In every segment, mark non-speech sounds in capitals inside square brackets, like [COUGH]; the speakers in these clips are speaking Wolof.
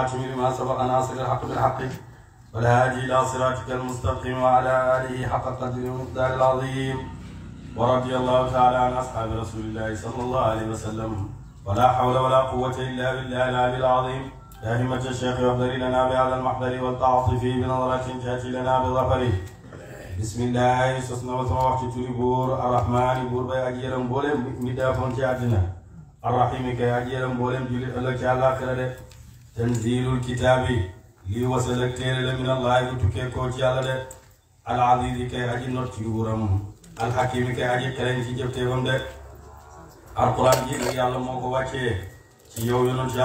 الحاكم لما سبق ناصر الحق بالحق والهادي الى صراطك المستقيم وعلى اله حق قدر ومقدار العظيم ورضي الله تعالى عن اصحاب رسول الله صلى الله عليه وسلم ولا حول ولا قوه الا بالله العلي العظيم يا همة الشيخ واحضر لنا بهذا المحضر والتعاطف بنظرة تأتي لنا بظفره بسم الله سسنا وسما وقت تريبور الرحمن بور بي أجيرم بولم مدافون تأتينا الرحيم كي أجيرم بولم جلي الله تعالى خير tanzilul kitaabi lii wasal ak téere la min allah bu tukkee koo ci yàlla de al kay aji not ci nguuram al kay aji xereñ ci jëfteefam de alquran ji nag ko wàccee ci yow yonent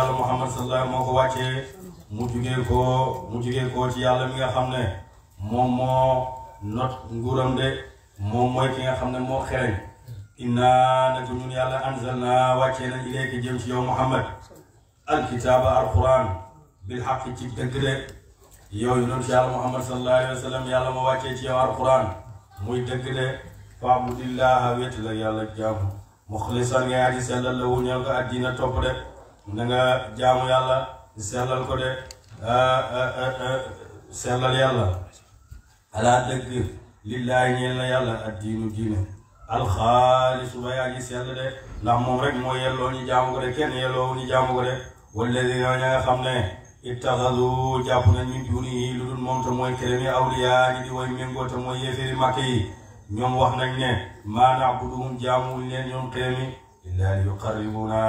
moo ko wàccee mu jugee koo yàlla mi nga xam ne moom moo not nguuram de moom mooy ki nga xam ne moo xereñ inna nag ñun yàlla anzalna wàccee nañ ilayka jëm ci yow muhammad alkitaaba alquran bil ci dëgg de yow yàlla wa sallam yàlla ma wàccee ci yow alquran muy dëgg de yàlla jaamu muxlisan ngay ndax moom rek moo yelloo ñu jaamu ko de kenn yelloo ñu jaamu ko de walladina ña nga xam ne ittaxadu jàpp nañ min dunihi lu dul moom te mooy kelemi awliya ñi di way méngoo te mooy yéeféeri màkk yi ñoom wax nañ ne maa naabuduhum jaamuwuñ leen ñoom kelemi illaa yuqarribuna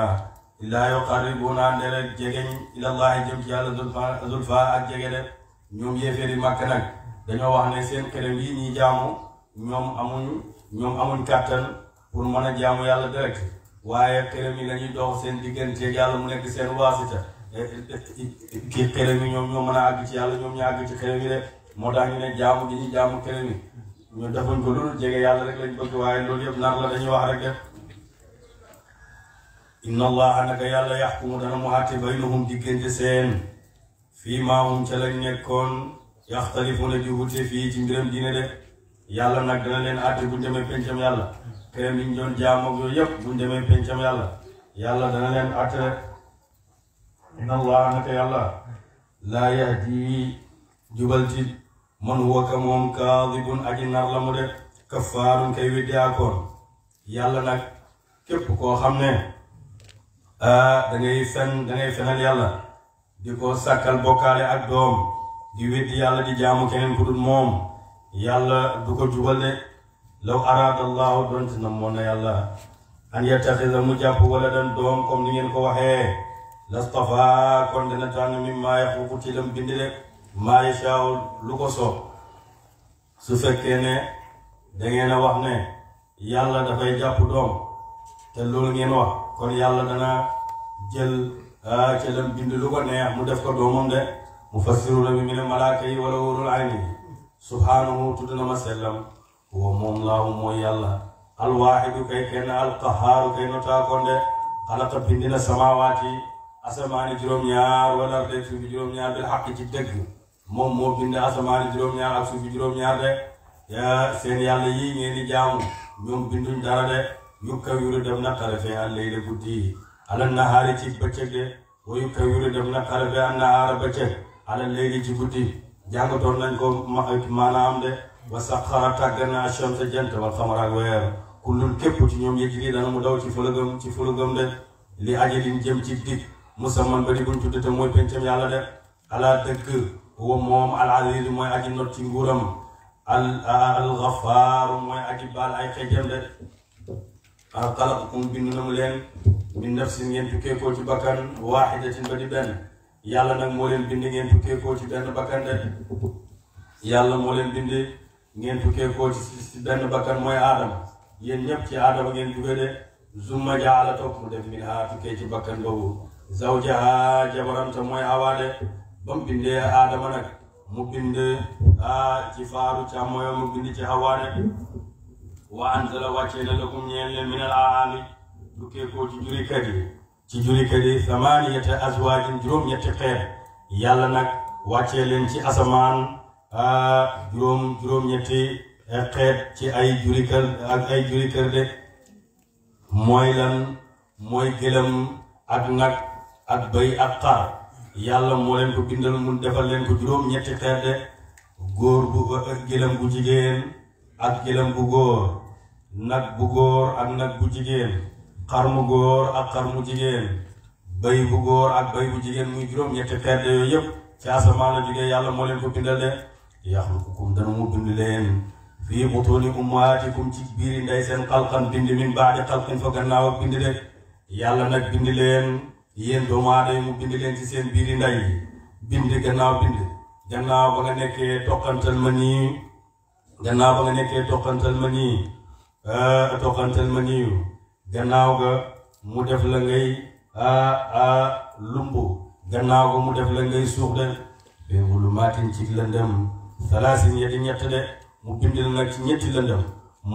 illaa yuqarribuna ndere jegeñ ilallahi jëm ci yàlla zulfa ak jege de ñoom yéeféeri màkk nag dañoo wax ne seen kelem yi ñuy jaamu ñoom amuñ ñoom amuñ kàttan pour mën a jaamu yàlla direct waaye xërëm yi lañuy dox seen diggante yàlla mu nekk seen waasita eh, eh, eh, kii xërëm ñoom ñoo mën a àgg ci yàlla ñoom ñu àgg ci xërëm rek moo tax ñu ne jaamu gi ñu jaamu xërëm yi ñu defuñ ko loolu jege yàlla rek lañ bëgg waaye loolu yëpp nar la dañuy wax rek def inna allaha naka yàlla yaxkumu dana mu àtte baynahum diggante seen fii maa hum ca lañ nekkoon yaxtalifuuna di wute fii ci mbiram diine de yàlla nag dana leen àtte bu demee pencam yàlla xërëm yi ñu doon jaam ak yooyu yëpp buñ demee pencam yàlla yàlla dana leen àtte inna allaha naka yàlla laa yahdi jubalti man huwa ka moom kaadibun ak nar la mu de kaffaarun kay weddi akoon yàlla nag képp koo xam ne dangay ngay fen da ngay yàlla di ko sàkkal bokkaale ak doom di weddi yàlla di jaamu keneen ku moom yàlla du ko jubal de law araada allahu donte na moon na yàlla an yattaxida mu jàpp wala dan doom comme ni ngeen ko waxee lastafa kon dina tànn mi maa yaxluqu ci lam bind rek maa yashaa'u lu ko soob su ne dangeen a wax ne yàlla dafay jàpp doom te loolu ngeen wax kon yàlla dana jël ci lam bind lu ko neex mu def ko doomam de mu fassiru la bi mu ne malaaka yi wala wóorul ayni subhaanahu tudd na ma sellam huwa moom laahu mooy yàlla alwaaxidu kay kenn alqahaaru kay notaakonde xalaqa bindi na samaawaati asamaani juróom-ñaar wala arde suufi juróom-ñaar bil xaq ci dëgg moom moo bind asamaani juróom-ñaar ak juróom-ñaar de seen yàlla yi ngeen di jaamu ñoom binduñ dara de yukkawiru dem na xarafe al leyla guddi ala nahaari ci bëccëg de wa yukkawiru dem na xarafe an nahaara bëccëg ala leyli ci guddi jàngatoon nañ ko maanaam de wa saxara tàggat naa shamsa jant wal a ak weer kullun képp ci ñoom yëg lii dana mu daw ci fulugam ci fulugam de li ajalin jëm ci dig musamman ba di buñ tudde te mooy pencam yàlla de ala dëkk wa moom al aziz mooy aji not ci nguuram al al gafaaru mooy aji baal ay xejjam de al xalaqakum bind na mu leen min nafsin ngeen tukkeekoo ci bakkan waaxidatin ba di benn yàlla nag moo leen bind ngeen tukkeekoo ci benn bakkan de yàlla moo leen bind ngeen tukkee koo ci benn bakkan mooy aadama yéen ñëpp ci aadama ngeen tukkee de zumma jaala topp mu def min haa tukkee ci bakkan boobu zawjaha jabaram ta mooy Awa de ba mu bindee aadama nag mu bind a ci faaru càmmooyo mu bind ci Awa de wa anzala wàccee na lakum ñeen leen min al aami tukkee koo ci juri kat ci juri kat yi samaaniyata azwaajin juróom-ñetti xeet yàlla nag wàccee leen ci asamaan juróom juróom-ñetti xeet ci ay juri kër ak ay juri kër de mooy lan mooy gëlëm ak nag ak bëy ak xar yàlla moo leen ko bindal mun defal leen ko juróom-ñetti xeet de góor bu gëlëm bu jigéen ak gëlëm bu góor nag bu góor ak nag bu jigéen xar mu góor ak xar mu jigéen bëy bu góor ak bëy bu jigéen muy juróom-ñetti xeet de yooyu yëpp ci asamaan la jugee yàlla moo leen ko bindal de yaxluqukum dana mu bind leen fii butuni ummaatikum ci biiri ndey seen xalqan bind min baadi xalqin fa gannaaw ak bind de yàlla nag bindi leen yéen doomu aadama mu bind leen ci seen biiri ndey bind gannaaw bind gannaaw ba nga nekkee toqantal ma nii gannaaw ba nga nekkee toqantal ma nii ah, toqantal ma nii gannaaw ga mu def la ngay ah, ah, lumbu gannaaw ga mu def la ngay suux de fii wulu maatin ci lëndëm salaasin ya ñett de mu bindal nag ci ñetti lëndëm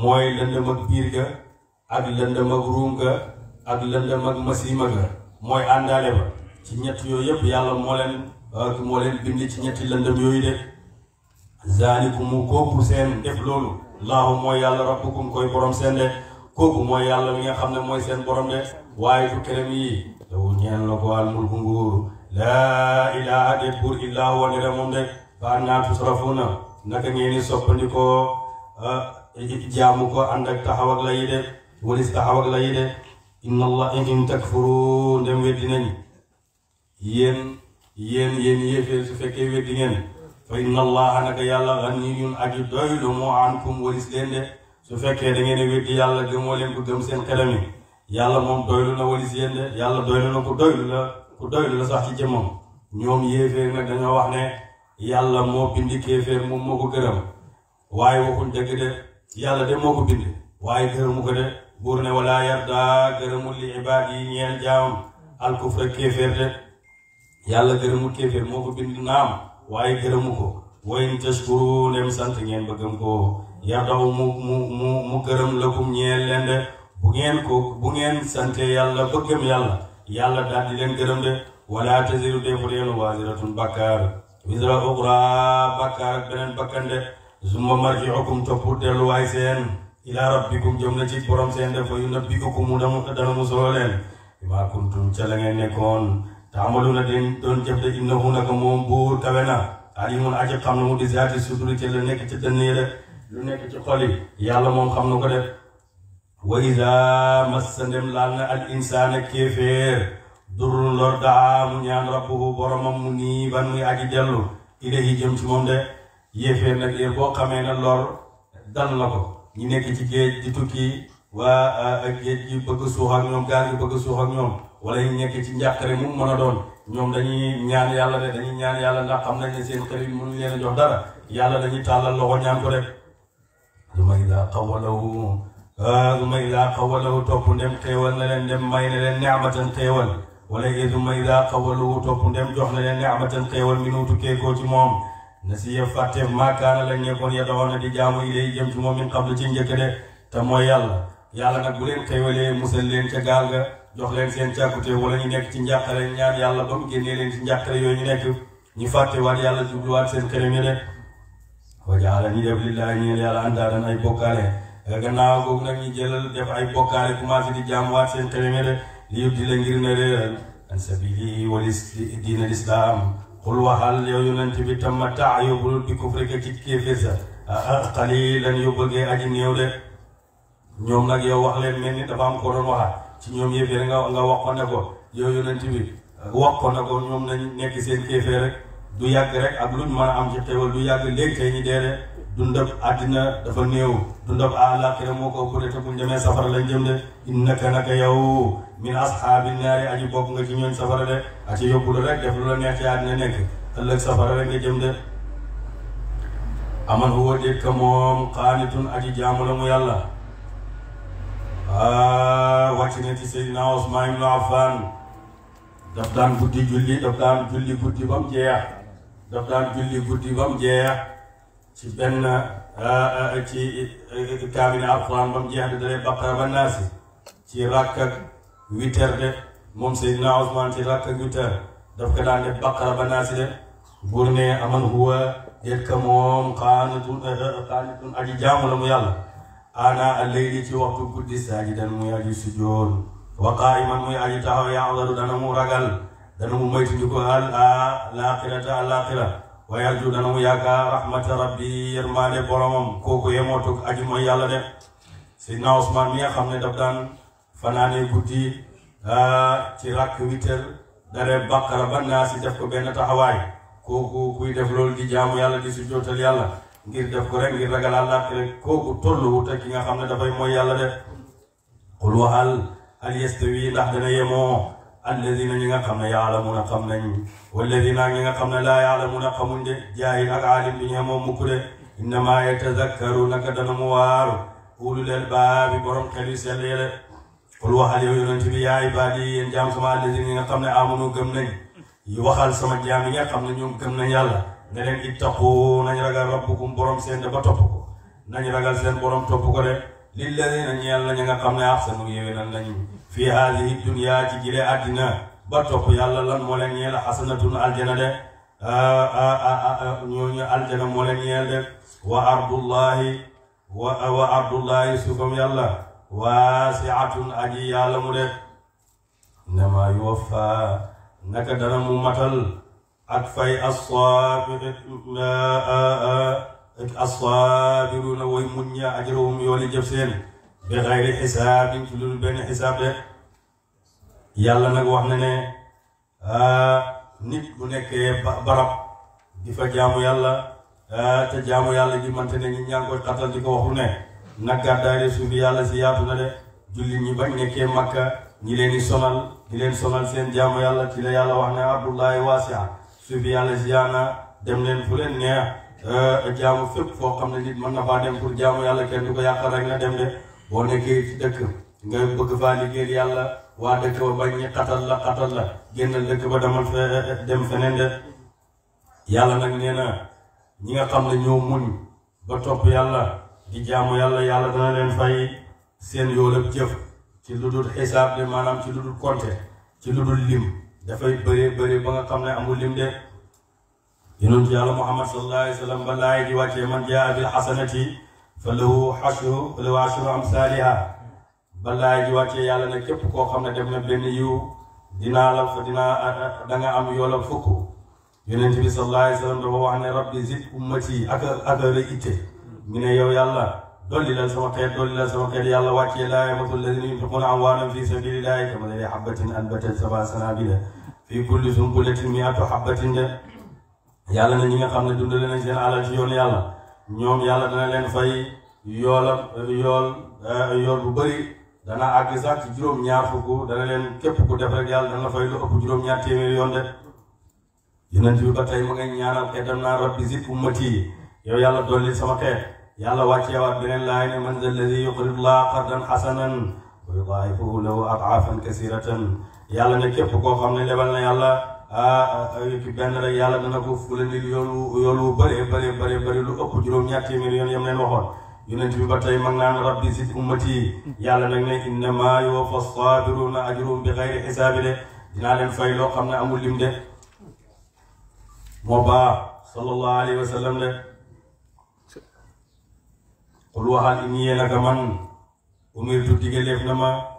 mooy lëndëm ak biir ga ak lëndëm ak ruum ga ak lëndëm ak masiima ga mooy àndaale ba ci ñett yooyu yëpp yàlla moo leen euh, moo leen bind ci ñetti lëndëm yooyu de zaalikum kooku seen def loolu laahu mooy yàlla rabbukum koy borom seen de kooku mooy yàlla mi nga xam ne mooy seen borom de waaye du këram yi dawu ñeen la ko al mulku nguur laa ilaaha de buur illaa huwa moom de ba annaa tusrafuuna naka ngeen di soppandikoo ah, jaamu ko ànd ak taxaw ak la yi de walis taxaw ak la yi de inna allah in takfuru ndem weddi nañ yéen yéen yéen yéefee su fekkee weddi ngeen fa inna allah naka yàlla ganiyun aji doylu moo ankum walis leen de su fekkee da ngeen weddi yàlla gëmoo leen ko gëm seen xelam yi yàlla moom doylu na walis yéen de yàlla doylu na ku doylu la ku doylu la sax ci jëmmam ñoom yéefee nag dañoo wax ne yàlla moo bindi kéeféer moom moo ko gërëm waaye waxul dëgg de yàlla de moo ko bind waaye gërëmu ko de buur ne wala yarda gërëmul li ibaad yi ñeel jaam alkufra kéeféer de yàlla gërëmul kéeféer moo ko bind naam waaye gërëmu ko wayn tashkuru ndem sant ngeen bëggam ko yarda mu mu mu mu gërëm lakum ñeel leen de bu ngeen ko bu ngeen sante yàlla bëggam yàlla yàlla daal di leen gërëm de wala taziru defu leen waziratun bakkaar wisra uxra bàkkaar ak beneen bakkan de summa marjiukum topp delluwaay seen ilaa rabbikum jëm na ci borom seen de fa yunabbiukum mu dana mu solo leen bimaa kuntum ca la ngeen nekkoon taamaluna den doon jëf de innahu naka moom buur kawe na alimun aji xam na mu di zaati suduri ca la nekk ci dënn yi de lu nekk ci xol yi yàlla moom xam na ko de wa iza massa ndem laal na al insaana kéeféer durul lor daa mu ñaan rabbuhu boromam mu nii ban muy aji dellu ilayhi jëm ci moom de yéefee nag yéen boo xamee ne lor dal la ko ñi nekk ci géej di tukki waa ah, ak géej gi bëgg suux ak ñoom gaal gi bëgg suux ak ñoom wala ñu nekk ci njàqare mu mën a doon ñoom dañuy ñaan yàlla de dañuy ñaan yàlla ndax xam nañ ne seen xel yi mënuñ leen a jox dara yàlla dañuy tàllal loxo ñaan ko rek duma ilaa xawalawu wu ah, ilaa xawalawu topp ndem xéewal na leen ndem may na leen neamatan xéewal wala yeesu may daa xawalu topp ndem jox na leen ne amatan xéewal mi nu tukkee ko ci moom na si ye fàtteef maakaana la ñekkoon ya dawoon na di jaamu yi lay jëm ci moom min xablu ci njëkk de te mooy yàlla yàlla nag bu leen xéewalee musal leen ca gaal ga jox leen seen càkkute wala ñu nekk ci njàqare ñaan yàlla ba mu leen ci njàqare yooyu ñu nekk ñu fàtte waat yàlla jubluwaat seen këram yi de wajaala ñu def lillaahi ñu yàlla andaadan ay bokkaale gannaaw boobu nag ñu jëlal def ay bokkaale commencé di jaamuwaat seen këram yi de liyudilla ngir na réer an sabili wa diin al islaam xul waxal yow yonent bi tamma taa yóbbul bi kufri ka ci kéefér sa qalilan yóbbul ngay aji néew de ñoom nag yow wax leen mel ni dafa am ko doon waxaat ci ñoom yëféer nga nga wax ko ne ko yow yonent bi wax ko ne ko ñoom nañ nekk seen kéeféer rek du yàgg rek ak lu mën a am ci xéwal du yàgg léegi tey ñu dee de dundab àddina dafa néew dundab àllaaxira moo ko ëpp de te buñ demee safara lañ jëm de innaka naka yow min asxaabi naari aji bokk nga ci ñooñ safara de a ci yóbbu rek def lu la neex ci àddina nekk ëllëg safara rek nga jëm de aman huwa déet ka moom xaanitun aji jaamu la mu yàlla a ah, wàcc na ci Seydina Usmaan ibnu Affaan daf daan guddi julli daf daan julli guddi ba mu jeex daf daan julli guddi ba mu jeex ci benn ah, ah, ah, ci eh, kaamil alxuraan ba mu jeex di dalee baqara ba naasi ci rakk ak huit heures de moom Seydina ci rakk ak huit heures daf ko daan def de buur ne aman huwa déet ka moom xaanatun eh, eh, xaanatun aji jaamu la mu yàlla ana alleyli ci waxtu guddi saajidan muy aji sujjoon wa qaa'iman muy aji taxaw ya'lalu dana mu ragal dana mu moytu ko al laaxirata al laaxira wa yarju dana mu yaakaar rahmata rabbi yërmaande boromam kooku yemootug aju mooy yàlla de Seydina Ousmane mi nga xam ne daf daan fanaane guddi ci rakk witër dare baqara ba naa si def ko benn taxawaay kooku kuy def loolu di jaamu yàlla di si jootal yàlla ngir def ko rek ngir ragal àllaaxira kooku tollu te ki nga xam ne dafay mooy yàlla de qul waxal hal yastawi ndax dana yemoo alladina ñi nga xam ne na xam nañ walladina ñi nga xam ne laa yaalamuuna xamuñ de jaahil ak aalim bi ñu moom mukk de innama yatazakkaru naka dana mu waaru ulul albaabi borom xel yu sell yele qul waxal yow yonent bi yaa ibaadi yéen jaam sama alladina ñi nga xam ne amunu gëm nañ yi waxal sama jaam yi nga xam ne ñoom gëm nañ yàlla ne leen ittaqu nañ ragal rabbukum borom seen de ba topp ko nañ ragal seen borom topp ko de lilladina ñeel na ñi nga xam ne ahsanu yéwénal fi haadihi dunya ci jile ba topp yàlla lan moo leen ñeel xasanatun aljana de aljana moo de wa ardullahi wa ardullahi suufam yàlla waasiatun aji yàlla mu de innama yuwaffa naka dana mu matal ak fay assaabiruna way muñ ya ajrahum yooli jëf bi xayri xisaabin ci lu benn xisaab de yàlla nag wax na ne nit bu nekkee barab di fa jaamu yàlla te jaamu yàlla ji mante ne ñi ñaa ngi koy xatal di ko waxu ne yàlla si yaatu na de jullit ñi bañ nekkee makka ñi leen di sonal ñi leen sonal seen jaamu yàlla ci la yàlla wax ne ardullaahi waasi'a suufi yàlla si yaana dem leen fu leen neex jaamu fépp foo xam ne nit mën na faa dem pour jaamu yàlla kenn du ko yàqal rek na dem de boo nekkee ci dëkk nga bëgg faa liggéeyal yàlla waa dëkk ba bañ xatal la xatal la génnal dëkk ba demal fa dem feneen de yàlla nag nee na ñi nga xam ne ñoo ba topp yàlla di jaamu yàlla yàlla dana leen fay seen yoolab jëf ci lu dul xisaab de maanaam ci lu dul compter ci lu dul lim dafay bëree bëree ba nga xam ne amul lim de yonent yàlla muhammad sallallahu alayhi ba laay di wàccee man jaa bil xasanati fa lahu ashru fa lahu ashru amsaaliha balaa ji wàccee yàlla na képp koo xam ne def na benn yiw dinaa la fa dinaa da nga am yoolam fukk yonent bi sallallahu alayhi wasallam dafa wax ne rabbi zid ummati ak ak rek itte mu ne yow yàlla dolli la sama xeet dolli la sama xeet yàlla wàccee laa yamatul lazina yunfiquna amwaalahum fi sabilillahi kamathali habbatin anbatat sab'a sanaabila fi kulli sunbulatin na ñi nga xam ne dundale nañ seen yàlla ñoom yàlla dana leen fay yoolam yool eh, yool bu bëri dana àgg sax ci juróom-ñaar fukk dana leen képp ku def rek yàlla dana fay lu ëpp juróom-ñaar téeméer yoon de yonent bi ba tey ma nga ñaanal xeetam naan rabbi zid ummati yow yàlla dolli sama xeet yàlla wàcceewaat beneen laay ne man zalladi yuqridu llaha qardan hasanan wa yudaa'ifuhu lahu ad'aafan kasiiratan yàlla ne képp koo xam ne lebal na yàlla ci ah, ah, ah, benn rek yàlla dana ko fulandil yoolu yoolu bëree bëree bëree lu ëpp juróom-ñaar téeméeri yoon yam leen waxoon yonent bi ba tey mag naan rabbi zid ummati yàlla nag ne innama yuwaffa saabiruna ajruhum bi xayri xisaabi de dinaa leen fay loo xam ne amul lim de moo baax sallallahu alayhi wa sallam de qul waxaat inni yéen ak man umirtu digaleef na ma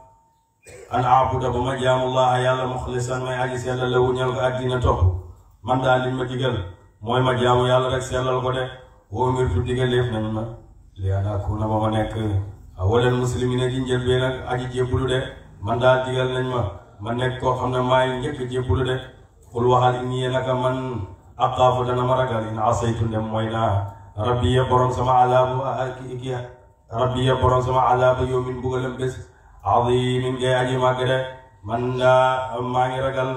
an aabuda ba ma jaamullaaha yàlla muxlisan may aji sellal la wu ñal ko addina topp man daal li ma digal mooy ma jaamu yàlla rek sellal ko de woo ngir tu digal nañ ma li an akuna ba ma nekk a muslimina di njëlbeen ak aji jébbalu de man daal digal nañ ma ma nekk ko xam ne maay njëkk jébbalu de xul waxal inni naka man aqaafu dana ma ragal in asaytu ndem mooy naa rabbi ya borom sama alaabu ak ki rabbi ya borom sama alaabu yow azimin ngay aji màgg de man daa maa ngi ragal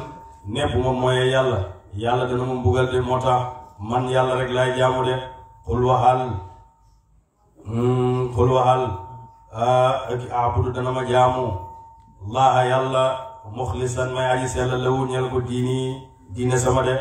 ne moom ma mooyee yàlla yàlla dana ma mbugal de moo man yàlla rek laay jaamu de qul waxal mm, qul waxal abudu dana ma jaamu laaha yàlla muxlisan may aji sella lawu ñel ko diini diine sama de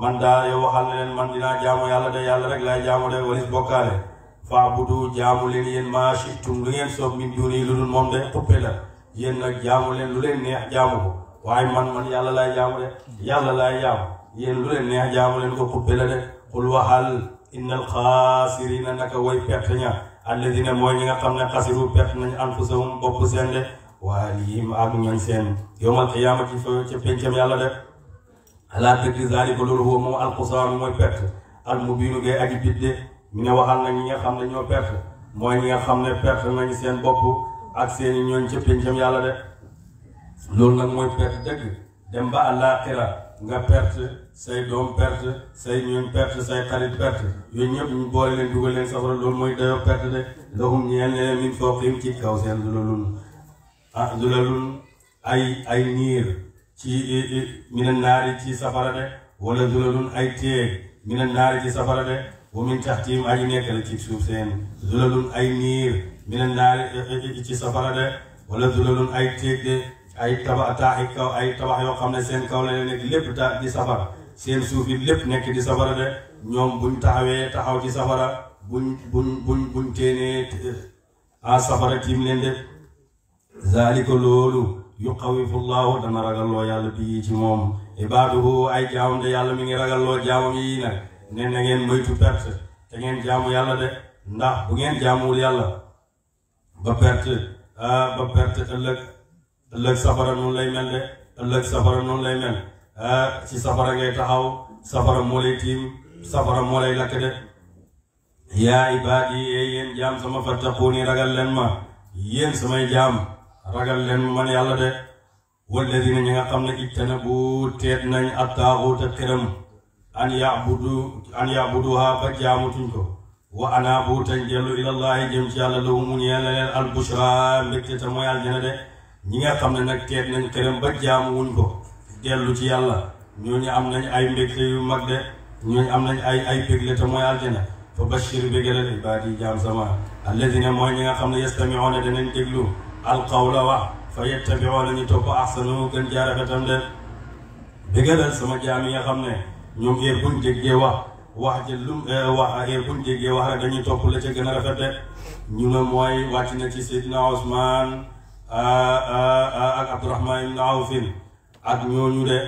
man daa yow waxal ne leen man dinaa jaamu yàlla de yàlla rek laay jaamu de walis bokkaale faabudu jaamu leen yéen maa shi'tum lu ngeen soob min duuni lu dul moom de xuppe la yéen nag jaamu leen lu leen neex jaamu ko waaye man man yàlla laay jaamu de yàlla laay jaamu yéen neex jaamu leen ko xuppe la de qul waxal inna alxaasirina naka way perte ña alladina mooy ñi nga xam ne xasiru perte nañ anfusahum bopp seen de waa lihim ak ñoñ seen yowmal qiyaama ci fa ca pencam yàlla de alaa tëgg zaalika loolu huwa ñu ne waxal na ñi nga xam ne ñoo perte mooy ñi nga xam ne perte nañu seen bopp ak seen i ñooñ ca péncam yàlla de loolu nag mooy perte dëgg dem ba àllaaxira nga pert say doom perte say ñooñ perte say xarit perte yooyu ñëpp ñu boole leen dugal leen safara loolu mooy dayoo perte de lahum ñeel ne min fawqihim ci kaw seen dulalun ah dulalun ay ay niir ci mina naari ci safara de wala dulalun ay téeg mina naari ci safara de wa min taxtihim aji nekk la ci suuf seen zulalun ay niir mina naari ci safara de wala zulalun ay téeg de ay tabax taaxi kaw yoo xam ne seen kaw la nekk lépp di safara seen suuf yi lépp nekk di safara de ñoom buñ taxawee taxaw ci safara buñ buñ buñ buñ teenee a safara tiim leen de zaalika loolu yuqawifu llahu dana ragalloo yàlla bii ci moom ibaaduhu ay jaawam de yàlla mi ngi ragalloo jaawam yi nag ne na ngeen moytu perte te ngeen jaamu yàlla de ndax bu ngeen jaamuwul yàlla ba perte ah ba perte ëllëg ëllëg safara noonu lay mel de ëllëg safara noonu lay mel ah ci safara ngay taxaw safara moo lay tiim safara moo lay lakk de yaa ibaadi e, yéen jaam sama fattaquuni ragal leen ma yéen samay jaam ragal leen ma man yàlla de walladina ñi nga xam ne ijtanabu teet nañ attaaxuuta xiram an yabudu an yabuduha ba jaamutuñ ko wa anaabu tañ dellu ilallahi jëm ci yàlla lawu mu ñeel leen al bushra mbégte te de ñi nga xam ne nag teet nañ këram ba jaamuwuñ ko dellu ci yàlla ñooñu am nañ ay mbégte yu mag de ñooñu am nañ ay ay bégle te mooy aljana fa bashir bégalal ibaadi jaam sama alladina mooy ñi nga xam ne yastamiuuna danañ déglu alqawla wax fa yettabiuuna ñu topp ahsanu gën jaarafetam de bégalal sama ñoom heure bu ñu jéggee wax wax ja lu eh, wax heure bu ñu wax rek dañuy topp la ca gën a rafet rek ñu ne mooy wàcc na ci Seydina Ousmane ah, ah, ah, ak Abdourahman ibn Awfin ak ñooñu de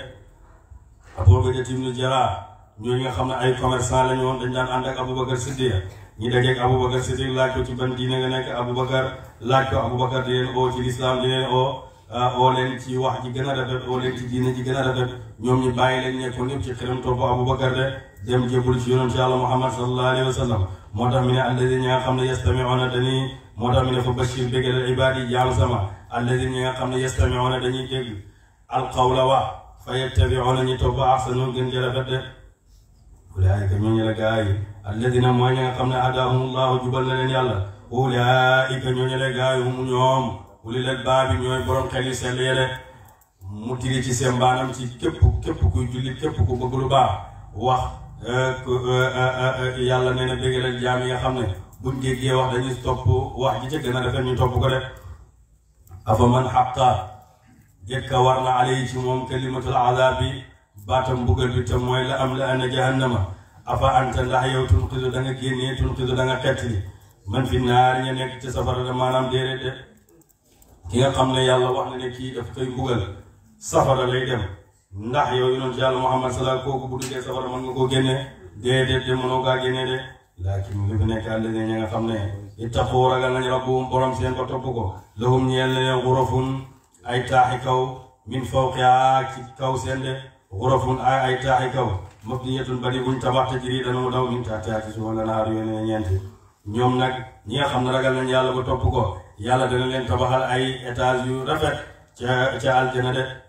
Ubaydata ibn Jarrah ñooñu nga xam ne ay commerçant la ñu woon dañ daan ànd ak Aboubacar Siddiq ñu dajeeg Aboubacar Siddiq laaj ko ci ban diine nga nekk Aboubacar laaj ko Aboubacar di oo ci lislaam di oo oo leen ci wax ji gën a rafet oo leen ci diine ji gën a rafet ñoom ñu bàyyi leen nekkoon ñëpp ci xiram topp Abubakar de dem jébul ci yonent Yàlla Muhammad sallallahu alayhi wa sallam moo tax mi ne alladi ñi nga xam ne yastamiuna dañuy moo tax mi ne fa bashir bégalal ibaad yi jaam sama alladi ñi nga xam ne yastamiuna dañuy dégg alqawla wa fa yattabiuna ñi topp ahsanu gën ci rafet de ulaayika ñoo ñu la gaa yi alladina mooy ñi nga xam ne hadaahum llahu jubal na leen yàlla ulaayika ñoo ñu la gaa yi hum ñoom ulil albaabi ñooy borom xel yi sell yele mu tige ci seen baanam ci képp képp kuy jullit képp ku bëgg lu baax wax eh, eh, eh, yàlla nee na bëggalal jaam yi nga xam ne buñ déggee wax dañuy topp wax ji ca gën a rafet ñu topp ko rek afa man xaqa jëkka war na alay ci moom kalimatul azabi baatam bugal bi te mooy la am la ana jahannama afa anta ndax yow tunqidu da nga génnee tunqidu da nga man fi naar ña nekk ci safara da maanaam déedéet de ki nga xam ne yàlla wax na ne kii daf koy bugal safara lay dem ndax yow yonent yàlla Muhammad salaa kooku bu duggee safara mën nga koo génnee déedéet de mënoo kaa génnee de laakin mu fi nekk àll ñi nga xam ne ittaqu ragal nañ rabbuhum borom seen ko topp ko lahum ñeel leen ay taaxi kaw min fawqihaa ci kaw seen de xurafun ay ay taaxi kaw mabniyatun bari buñ tabax te jiri dana yooyu ne ñeenti ñoom nag ñi nga xam ne ragal nañ yàlla ba topp ko yàlla dana leen tabaxal ay étage yu rafet ca ca de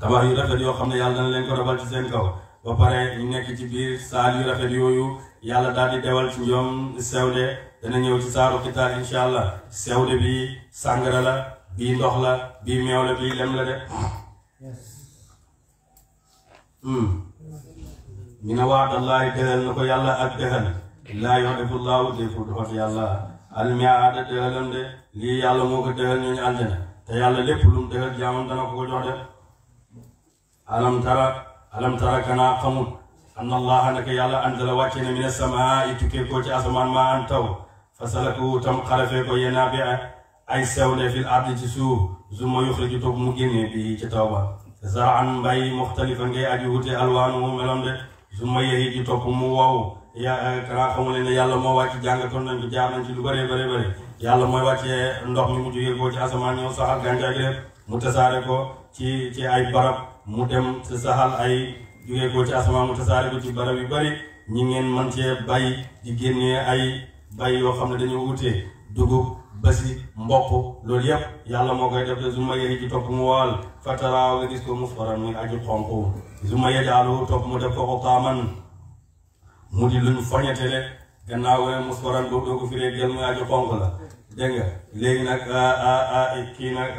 tabax yu rafet yoo xam ne yàlla dana leen ko rabal ci seen kaw ba pare ñu nekk ci biir saal yu rafet yooyu yàlla daal di dewal ci ñoom sewde dana ñëw ci saaru xitaan incha allah sewde bi sàngara la bii ndox la bii meew la bii lem la de ñu hmm. ne waat allah dëxal na ko yàlla ak dëxal laa yuxlifu llahu déefu doxat yàlla almiaada dëxalam de lii yàlla moo ko dëxal ñooñu àljana te yàlla lépp lu mu dëxal jaamam dana ko ko jox de alam tara alam tara kana xamut anna allaha naka yàlla anzala wàcce na mina samaa'i tukkee ko ci asamaan maa am taw fasalakahu tam xarafee ko yanaabi'a ay sewle fil ardi ci suuf summa yuxriju toog mu génnee bi ci taw ba zar'an mbay muxtalifan ngay aji wute alwaanuhu melam de summa yahij topp mu wow ya kana xamuleen ne yàlla moo wàcc jàngatoon nañ ko jaar nañ ci lu bëree bëri bëri yàlla mooy wàccee ndox mi mu jógee ko ci asamaan ñëw saxal gàncax mu tasaare ko ci ci ay mu dem te saxal ay jugee ko ci asamaan mu tasaare ci barab yu bari ñi ngeen man cee bay di génnee ay bay yoo xam ne dañoo wute dugub basi mboq loolu yépp yàlla moo koy def te su ma yëri ci topp mu waal fataraa nga gis ko musfaran muy aju xonq su ma yejaalu topp mu di luñ foñetele gannaaw nga ne musfaran boobu doo ko firee la dégg nga léegi nag ah, ah, ah, kii nag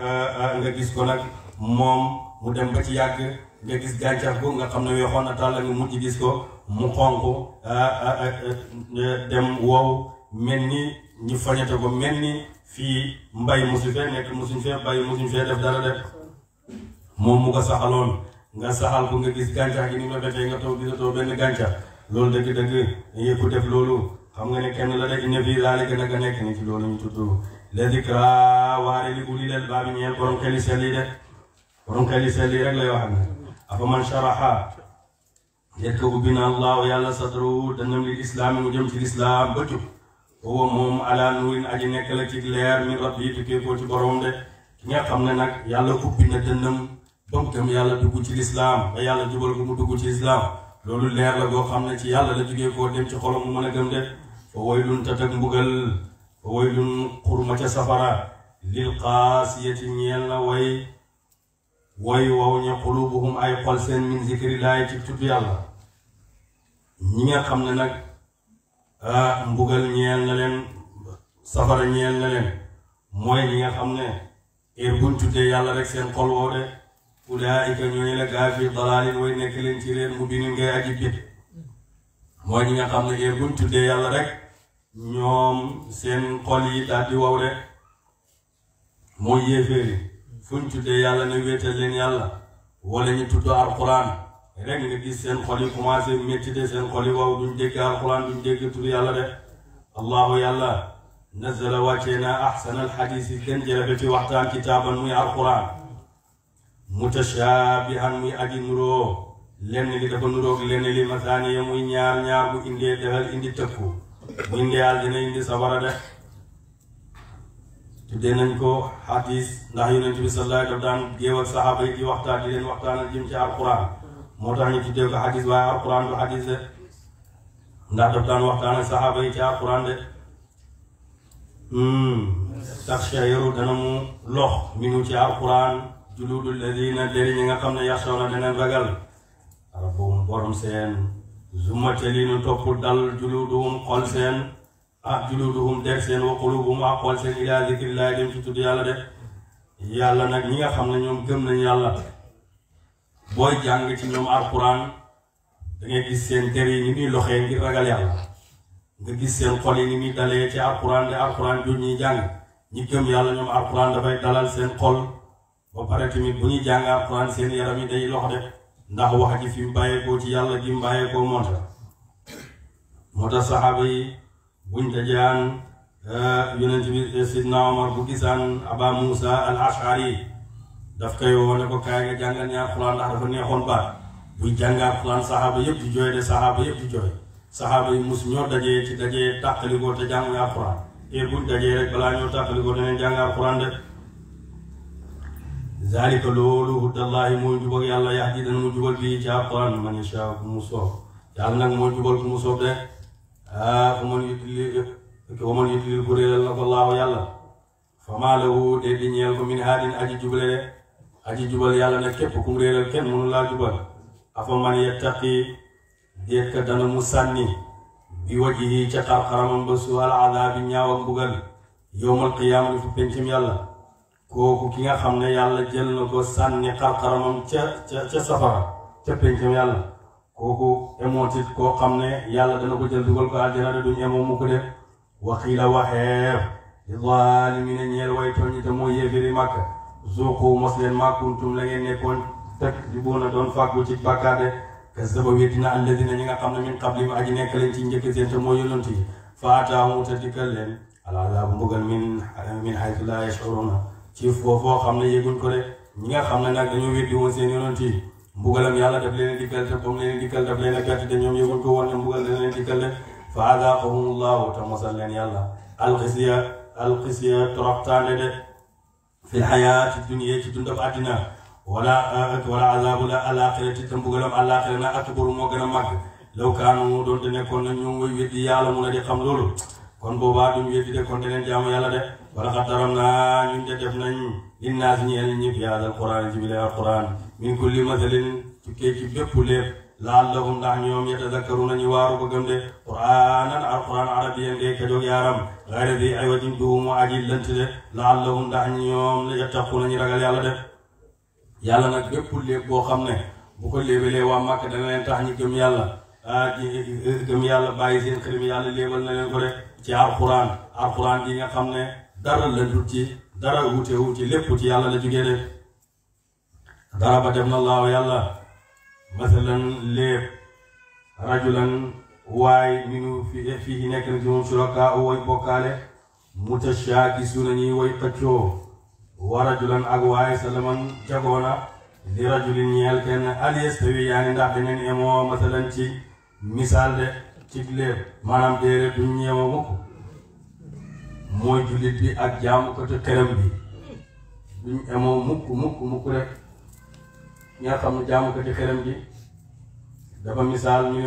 nga gis ko nag moom mu dem ba ci yàgg nga gis gàncax gu nga xam ne weexoon na tàll nga mujj gis ko mu xonq ah, ah, ah, dem wow mel ni ñu fañete ko mel ni fii mbay mosu fee nekk mosuñ fee bay mosuñ fee def dara def moom mu ko saxaloon nga saxal ko nga gis gàncax gi ni nga defee nga toog gisatoo benn gàncax loolu dëgg-dëgg yëpp def loolu xam nga ne kenn la rek ne fii laale gën a nekk ni ci loolu ñu tudd la dikra waare li ulil albaab ñeel borom xeli sell yi de borom kanisa lii rek lay wax na afa man sharaha njëkk ubbi na allahu yàlla sadru danam lil islaami mu jëm ci lislaam ba tub huwa moom ala nurin aji nekk la ci leer min rabbi tukkee koo ci borom de ki nga xam ne nag yàlla ubbi na dënnam ba mu gëm yàlla dugg ci lislaam ba yàlla jubal ko mu dugg ci lislaam loolu leer la goo xam ne ci yàlla la jugee koo dem ci xolom mu mën a de fa waylun tatak mbugal fa waylun xurma safara lil qaasiyati wooyu wow ñu xulubuhum ay xol seen min zikrillahi ci tudd yàlla ñi nga xam ne nag mbugal ñeel na safara ñeel na mooy ñi nga xam ne ir bu tuddee yàlla rek seen xol wow de ulaayika ñooñu la gaa nekk leen ci leen mu binin ngay aji bit mooy ñi nga xam ne ir buñ tuddee yàlla rek ñoom seen xol yi daal di wow de mooy yéeféeri fuñ tuddee yàlla ne wéetal leen yàlla wala ñu tudd alquran rek nga gis seen xol yi commencé métti de seen xol yi waaw duñ dégg alquran duñ dégg yàlla de allahu yàlla nazala wàccee na ahsana alxadis yi gën jële fi waxtaan kitaaban muy alquran mutashabihan muy aji nuroo lenn li dafa nuroog lenn li masaaniya muy ñaar ñaar bu indee defal indi tëkku bu indee àl dina indi sabara de tuddee nañ ko xadis ndax yonent bi sallallahu alayhi wa sallam daan géew ak saxaaba yi di waxtaan di leen waxtaanal jëm ci alquran moo tax ñu tuddee ko xadis waaye alquran du xadis de ndax daf daan waxtaan ak saxaaba yi ci alquran de hmm. tax yaru dana mu lox minu ci alquran juludu ladina léegi ñi nga xam ne yaxsawna danañ ragal rabbum borom seen zumma ca lii topp dal juluduhum xol seen ah juluduhum deg seen wa bu ak xool seen ilaa zikrillahi dem ci tudd yàlla de yàlla nag ñi nga xam ne ñoom gëm nañ yàlla booy jàng ci ñoom alquran da gis seen der yi ni muy loxee ngir ragal yàlla nga gis seen xol yi ni muy dalee ci alquran de alquran jur ñuy jàng ñi gëm yàlla ñoom alquran dafay dalal seen xol ba pare tamit bu ñuy jàng alquran seen yaram yi day lox de ndax wax ji fi mu bàyyeekoo ci yàlla gi bàyyeekoo moonte moo buñ dajaan eh, yonent bi eh, sidna Omar bu gisaan Aba Moussa al Ashari daf koy woo ko kaay nga neexoon baat buy jàng alxuraan saxaaba yëpp di jooy de yi mus ñoo ci dajee tàqalikoo te jàng alxuraan te buñ jubal yàlla yax ji dana mu jubal ku mu soob yàlla nag mooy jubal ku mu soob de ah fa man yudlil wa man yudlil ku réeral na ko laahu yàlla famaa lahu de di ñeel ko min haadin aji jubale de aji jubal yàlla ne képp kum réeral kenn mënu laa jubal afa man yattaqi dekk dana mu sànni bi wajihi ca xar-xaramam ba sual adaabi ñaaw ak mbugal yowmal fu pencim yàlla kooku ki nga xam ne yàlla jël na ko sànni xar-xaramam ca ca ca safara ca pencim yàlla kooku emootit koo xam ne yàlla dana ko jël dugal ko àjjana de duñ emoo mu ko def waxiila waxeef li zaalimiina ñeel way tooñ ñi te mooy yéefiri màkk zuuqu mos leen maa kuntum la ngeen nekkoon teg di buuna doon fàggu ci bàkkaar de kazzaba wéeti na alladina ñi nga xam ne min qablihim aji nekk leen ci njëkk seen te mooy yonent yi faataahum te dikkal leen alazaabu mbugal min min haytu laa yashuruna ci foo xam ne yéguñ ko de ñu nga xam ne nag dañoo weddi woon seen yonent yi mbugalam yàlla daf leen dikkal te ba mu leen dikkal daf leen a bett te ñoom yëguñ ko woon ne mbugal dana leen dikkal de fa azaaqahum llahu te mosal leen yàlla alxisiya alxisiya toroxtaande de àddina wala wala azaabul alaaxirati te mbugalam alaaxira na akbaru moo gën a màgg law kaanu doon te nekkoon mu la di loolu kon boobaa duñ weddi de kon deneen jaamu yàlla de wala xad naa ñun def nañ linnaas ñeel ñi fi haadal quraan ci bi lay min kulli masalin tukkee ci bépp lépp laallahum ndax ñoom yatadakkaruna ñu waaru ko gëm de quraanan alquran arabiyan de ka jóg yaaram gayra bi ay wajin duumu aji lënt de laallahum ndax ñoom yattaquna ñu ragal yàlla de yàlla nag bépp lépp boo xam ne bu ko léebalee waa màkk dana leen tax ñu gëm yàlla ah, eh, eh, gëm yàlla bàyyi seen xarit yàlla léebal na leen ko de ci alquran alquran gi nga xam ne dara lëntut ci dara wute wute lépp ci yàlla la jugee de daraba def na laaw yàlla masalan léeb rajulan waay ñu nu fi fii nekk na ci moom suraka u way bokkaale mutashaakisuuna ñuy way xëccoo wa rajulan ak waay salaman jagoona li rajulin ñeel kenn al yastawi yaani ndax dinañ emoo masalan ci misaal de ci léeb maanaam déere duñ ñeemoo mukk mooy jullit bi mukk mukk mukk rek ñi nga xam ne jaamu ko ci xërëm gi dafa misaal ñu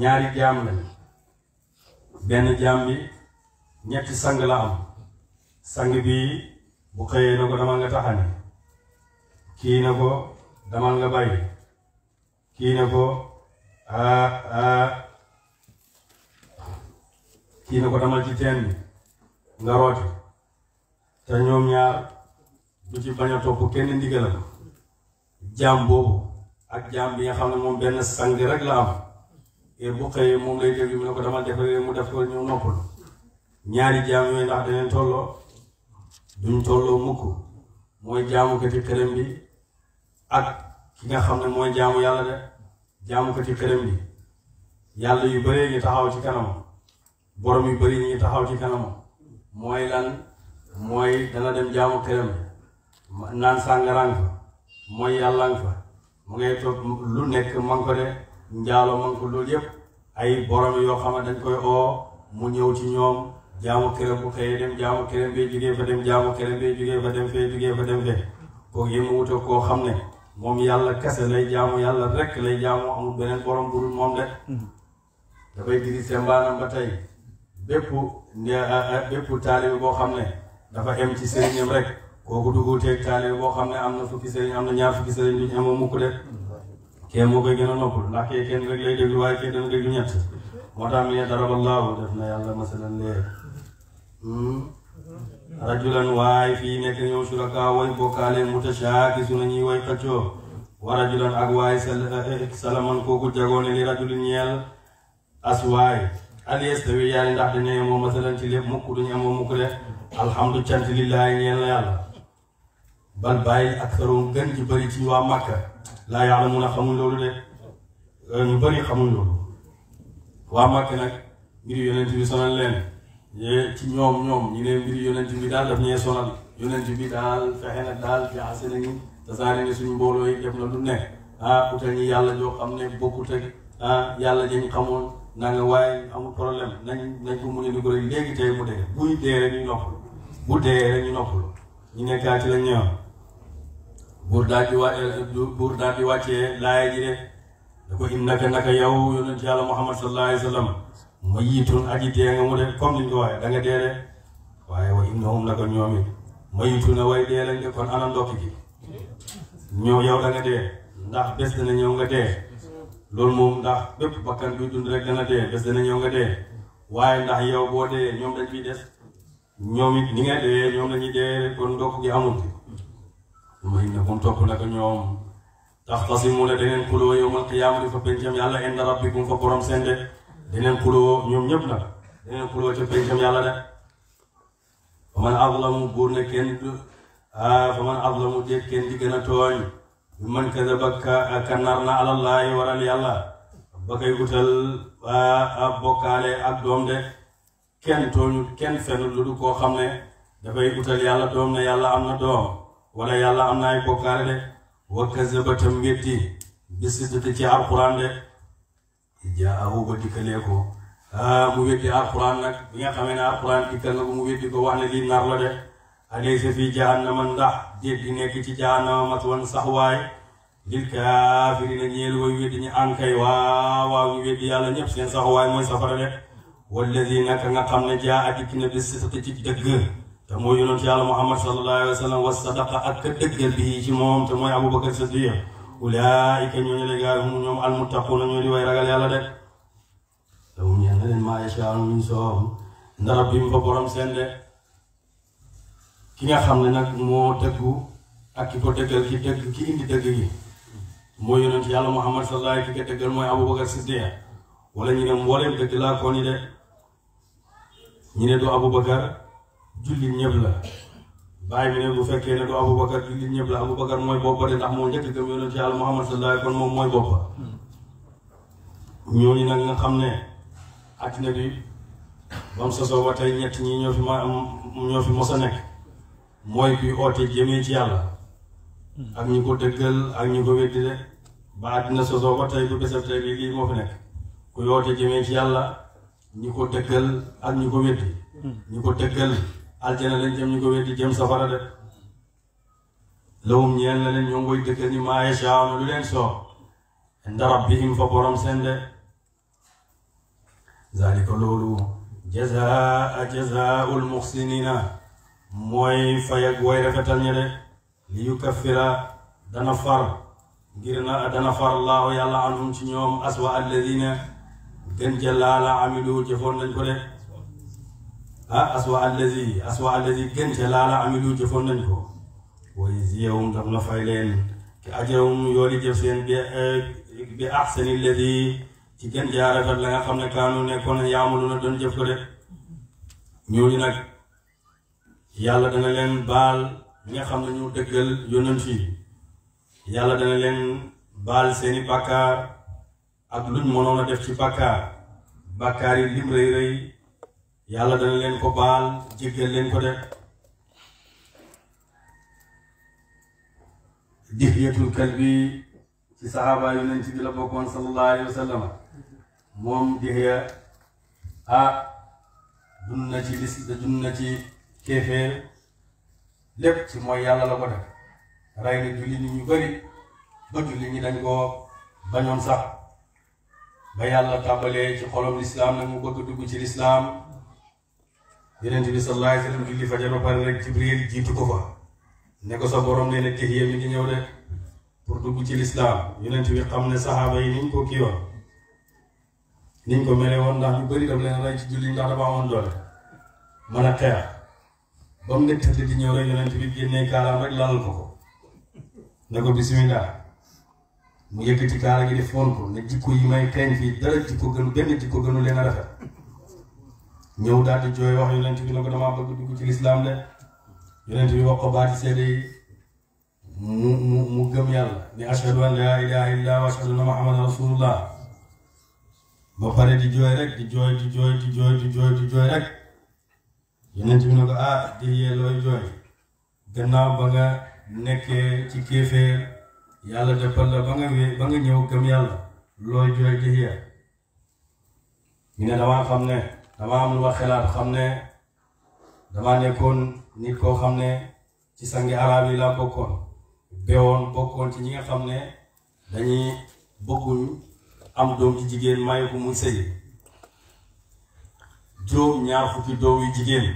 ñaari jaam lañu benn jaam bi ñetti sang la am sang bi bu xëyee na ko damal nga taxani kii na ko dama nga bàyyi kii na ko kii na ko damal ci teen bi nga rooti te ñoom ñaar du ci bañ topp kenn ndigalam jaam boobu ak jaam bi nga xam ne moom benn sang rek la am et bu moom lay déglu mu ne ko dama def mu def ko ñëw noppal ñaari jaam yooyu ndax danañ tolloo duñ tolloo mukk mooy jaamu ko ci këram bi ak ki nga xam ne mooy jaamu yàlla de jaamu ko ci këram bi yàlla yu bëree ñu taxaw ci kanamam borom yu bëri ñu taxaw ci kanamam mooy lan mooy dana dem jaamu këram naan sàngaraan ko mooy yàlla nga fa mu ngay toog lu nekk man ko de njaaloo man ko loolu yëpp ay borom yoo xam ne dañ koy oo mu ñëw ci ñoom jaamu këram bu xëyee dem jaamu këram bee jugee fa dem jaamu këram bee jugee fa dem fee jugee fa dem fee kooku yëpp mu wutal koo xam ne moom yàlla kese lay jaamu yàlla rek lay jaamu amul beneen borom bu dul moom de dafay diri seen mbaanam ba tey bépp ne bépp taalibi boo xam ne dafa em ci sëriñam rek kooku duguteeg taalibe boo xam ne am na fukki sëriñ am na ñaar fukki sëriñ duñu amoo mukk de kee moo koy gën a noppul ndax kee kenn rek lay déglu waaye hmm? fii nekk ñëw suraka way bokkaale mutashaaki su nañuy way xëccoo wa rajulan ak waaye eh, eh, eh, salaman kooku jagoone li rajulin ñeel aswaay aliestawi yaani ndax dañu amoo masalan ci lépp mukk duñu amoo mukk de alhamdu cant lillahi ñeel yàlla ban bàyyi ak këroom gën ji bëri ci waa Màkka laa yàlla mun a xamuñ loolu de euh, ñu bëri xamuñ loolu waa Màkka nag mbiri yonent bi sonal leen ye ci ñoom ñoom ñu ne mbiri yonent bi daal daf ñee sonal yonent bi daal fexe na daal jaxase nañu tasaare ne suñu mbooloo yi def na lu nekk ah utal ñi yàlla ñoo xam ne bokkut ak ah yàlla jañ xamoon na nga waaye amul problème nañ nañ ko mujj ni ko léegi tey mu dee buy dee rek ñu noppalu bu dee rek ñu noppalu ñu nekkaat ci la buur daal di wa di wàccee laaya ji de da ko innaka naka yow yonent yàlla muhammad sallallahu alayhi wa sallam ma yiitun aji dee nga mu de comme da nga waaye wa innahum naka ñoom it ma yiitu na way dee lañ de kon ana ndokk gi ñoo yow da nga dee ndax bés dana ñëw nga dee loolu moom ndax bépp bakkan bi dund rek dana dee bés dana ñëw nga dee waaye ndax yow boo dee ñoom dañ fi des ñoom it ni nga dee ñoom dañuy dee kon ndokk gi amul mu innakum topp nag ñoom taxtasimuuna dangeen xuloo yawmal qiyaamati fa pencam yàlla ñoom ñëpp nag dangeen xuloo ca pencam man azlamu buur ne kenn fa man man kadaba ka nar na alallaahi waral yàlla ba kay utal bokkaale ak doom de kenn tooñu kenn fenn lu du koo xam ne dafay utal yàlla doom ne yàlla am na doom wala yàlla am na ay bokkaale de wa kazaba tam weddi bisidati ci alquran de jaahu ba dikkalee ko ah, mu weddi alquran nag bi nga xamee ne alquran dikkal na ko mu weddi ko ne lii ci jahannama maswan sax waay lil kaafirina ñeel way weddi ñi ankay waaw waaw ñu yàlla ñëpp seen sax waay mooy safara de wallazina ka nga xam ne jaa a dikk na bisisati ci dëgg te mooy yonent yàlla muhammad sallallahu alayhi wa sallam ci mooy abubakar siddiq ulaayika ñoo ñu yàlla maa yashaa'uuna min soob ndarab bi nga xam ne nag moo dëggu ak ki ko dëggal ki dëgg ki indi dëgg gi muhammad sallallahu alayhi wa wala ñu ne mbooleem dëgg laa ko de ñu ne du abubakar jullit ñëpp la bàyyi bi ne bu fekkee ne du Aboubacar jullit ñëpp la Aboubacar mooy boppa de ndax moo njëkk gëm yonent ci yàlla Muhammad xam ne àddina bi ba sosoo ba tey ñett ñi ñoo fi ma ñoo fi mos nekk mooy kuy oote jëmee ci yàlla ak ñu ko dëggal ak ñu ko weddi ba àddina sosoo tey bu bésab tey ko dëggal ak ñu hmm. ko dëggal aljana lañ jëm ñu ko weddi jëm safara de lawum ñeel na leen ñoo ngi koy ni maa yashaa'uuna lu leen soo inda rabbihim fa borom seen de zalika loolu jazaa jazaa'ul muhsinina mooy fayag way rafetal ñe de li yukaffira dana far ngir na dana far laahu yàlla anhum ci ñoom aswa alladina gën jalaala amilu jëfoon nañ ko de ah aswa allazi aswa allazi gën ca laala amilu jëfoon nañ ko way ziyawum daf na fay leen ki ajrawum yooli jëf seen bi eh, bi ahsani allazi ci gën jaa rafet la nga xam ne kaanu nekkoon na yaamalu na doon jëf ko de ñooñu nag yàlla dana leen baal ñi nga xam ne ñu dëggal yonent yi yàlla dana leen baal seeni bàkkaar ak luñ mënoon a def ci bàkkaar bàkkaar lim rëy rëy yàlla dana leen ko baal jéggal leen ko de difiyatul kalbi ci saxaaba yonent bi la bokkoon sallallahu alayhi wa sallam moom dixiya dund na ci lis dund na ci kéeféer lépp ci mooy yàlla la ko def rey na julli nit ñu bëri ba julli ñi dañ koo bañoon sax ba yàlla tàmbalee ci xolom lislaam nag mu bëgg dugg ci lislaam yonent bi sa alayhi wa sallam julli fajar ba pare rek jibril jiitu ko fa ne ko sa boroom nee na Dihya mi ngi ñëw de pour dugg ci lislaam yonent bi xam ne saxaaba yi niñ ko kii woon niñ ko melee woon ndax ñu bëri daf leen rey ci julli ndax dafa amoon doole man a xeex ba mu ne tëdd di ñëw rek yonent bi génnee kaalaam rek lalal ko ko ne ko bismillah mu yëkkati kaala gi di foon ko ne jikko yi may teeñ fii dara jikko gënu benn jikko gënu leen ñëw daal di jooy wax yonent bi ne ko damaa bëgg dugg ci lislaam de yonent bi wax ko baati seede yi mu mu mu gëm yàlla ni ashhadu an laa ilaaha illallaah wa ashhadu anna ah, ba nga nekkee ci kéeféer yàlla defal la ba nga ba nga ñëw gëm yàlla looy jooy di ñu ne damaa xam ne dama am lu ma xelaat xam ne dama nekkoon nit koo xam ne ci sangi arab yi laa bokkoon bewoon bokkoon ci ñi nga xam ne dañuy bëgguñ am doom ci jigéen mayu ko muy sëy juróom ñaar fukki doom yu jigéen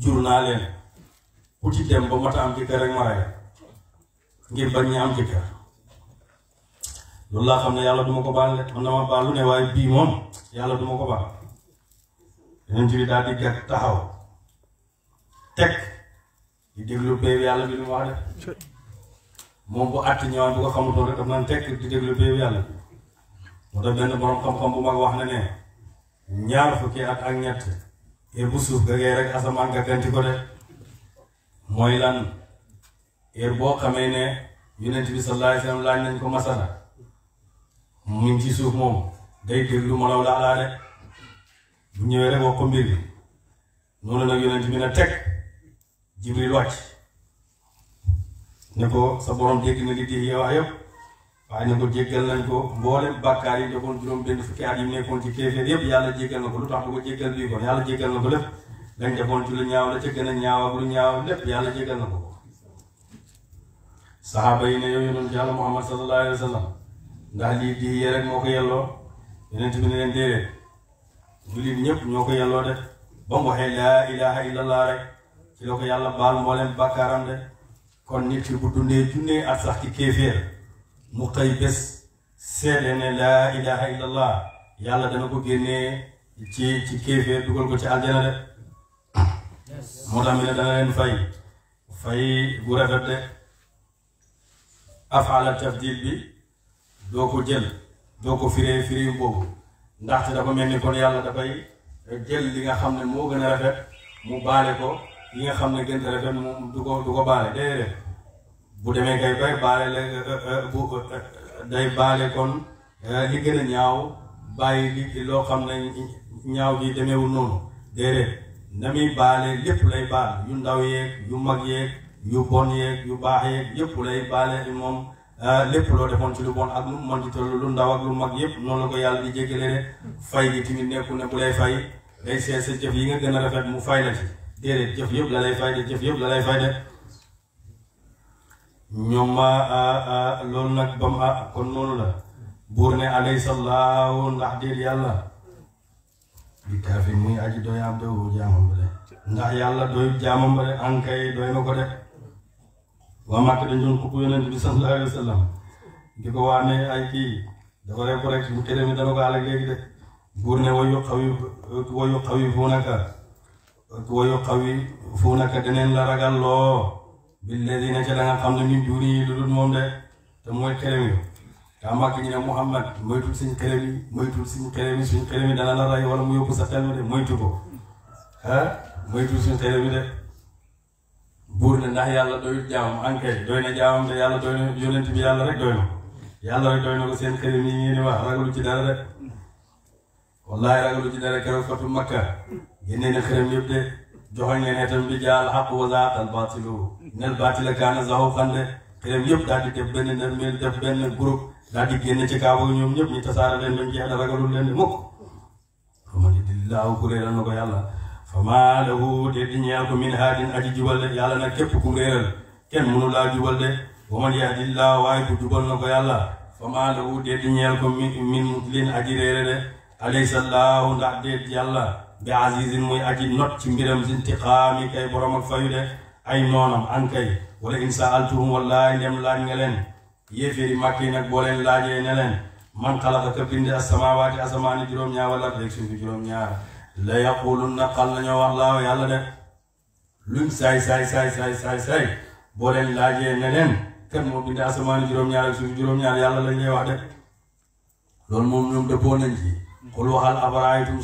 jur naa leen ku ci dem ba mot a am jëkkër rek ma rey ngir bañ ñu am jëkkër loolu laa xam ne yàlla duma ko baal man dama baal lu ne waaye bii moom yàlla duma ko baax yonent bi daal di gert taxaw teg di déglu béew yàlla bi lu mu wax rek moom bu àtt ñëwaat bu ko xamutoon rek daf naan teg di déglu béew yàlla bi moo tax benn borom xam-xam bu mag wax na ne ñaar fukki at ak ñett et bu suuf gagee rek asamaan gàgganti ko de mooy lan heure boo xamee ne yonent bi sallallahu alayhi wa sallam laaj nañ ko masala mu ci suuf moom day déglu malaw laalaa de bu ñëwee rek wax ko mbir bi noonu nag yonent bi ne teg jibril wàcc ne ko sa borom dégg na liggéey yi wax yëpp waaye ne ko jéggal nañ ko mboolem bàkkaar yi defoon juróom benn fukki at yi lu tax du ko jéggal bii kon yàlla jéggal ñaaw la ca gën a ñaaw ak lu lépp yàlla jéggal na ko saxaaba yi ne yow yonent yàlla muhammad sallallahu alayhi wa sallam ndax lii di yee rek moo ko yelloo yonent bi ne leen déedéet jullit ñëpp ñoo ko yàlloo def ba laa ilaha illallah rek ci la ko yàlla baal mbooleem bàkkaaram de kon nit ki bu dundee junnee at sax ci kéeféer mu xëy bés seede ne laa ilaha illallah yàlla dana ko génnee ci ci kéeféer dugal ko ci aljana de moo tax mi dana leen fay fay bu rafet de afaala tafdil bi doo ko jël doo ko firee firee boobu ndaxte dafa mel ni kon yàlla dafay jël li nga xam ne moo gën a rafet mu baale ko li nga xam ne gën a rafet mu du ko du ko baale bu demee kay bay baale la euh, euh, euh, bu day baale kon li gën a ñaaw bàyyi li loo xam ne ñaaw ji demeewul noonu déedéet na muy baale lépp lay baal yu ndaw yeeg yu mag yeeg yu bon yeeg yu baax yeeg yëpp lay baale moom. Ah, lépp loo defoon ci lu bon ak lu man ci toll lu ndaw ak lu mag yëpp noonu la ko yàlla di jéggale de fay gi tamit nekkul ne bu lay fay day seet sa jëf yi nga gën a rafet mu fay la ci déedéet jëf yëpp la lay fay de jëf yëpp la lay fay de ñoom ma ah, ah, loolu nag ba mu kon noonu la buur ne alaysa llaahu ndax déet yàlla bi kaafin muy aji doy am doyul jaamam ba de ndax yàlla doyul jaamam ba de ankay doy na ko de waa Màkka dañ doon xupp yonent waa ne ay kii dafa rek rek bu tere mi dana ko àll ne wayu xaw yi wayu xaw yi fuu xaw yi fuu naka la ragal loo billadina ca da nga xam ne de te mooy tere mi kaa Màkka ñu ne Muhammad moytul suñ tere mi moytul suñ tere mi suñ tere mu sa xel mi de moytu buur la ndax yàlla doyul jaamam enquête doy na jaamam te yàlla doy na yonent bi yàlla rek doy na yàlla rek doy na ko seen xëy ci dara na xërëm yëpp de joxoñ leen itam bi jaal xaq wa zaatal baatilu nel baatila kaana zahuuqan de xërëm yëpp daal di def benn ndërmeel def benn groupe daal di génn ci kaaba ñoom ñëpp ñu tasaare leen bañ jeex ragalul leen di mukk. alhamdulilah kuréel na ko yàlla. fa maa lahu de di ñeel ko min haadin aji jubal de yàlla nag képp ku réeral kenn mënu laa jubal de wa man yahdillaa waaye ku jubal na ko yàlla fa maa lahu de di ñeel ko min min mutlin aji réere de alaysa llaahu ndax de yàlla bi azizin muy aji not ci mbiram si intiqaami kay borom ak fayu de ay noonam an kay wala in saaltuhum wallahi ndem laa nga leen yéeféeri màkk yi nag boo leen laajee ne leen man xalaqa ka bindi asamawaati asamaani juróom-ñaar wala rek suñu juróom-ñaar la yaqulun na xal nañoo wax laaw yàlla de luñ saay saay saay saay saay saay boo leen laajee na leen kan moo bind asamaan juróom-ñaar ak juróom-ñaar yàlla la ñuy wax de loolu moom ñoom dëppoo nañ ci xul waxal abaraaytum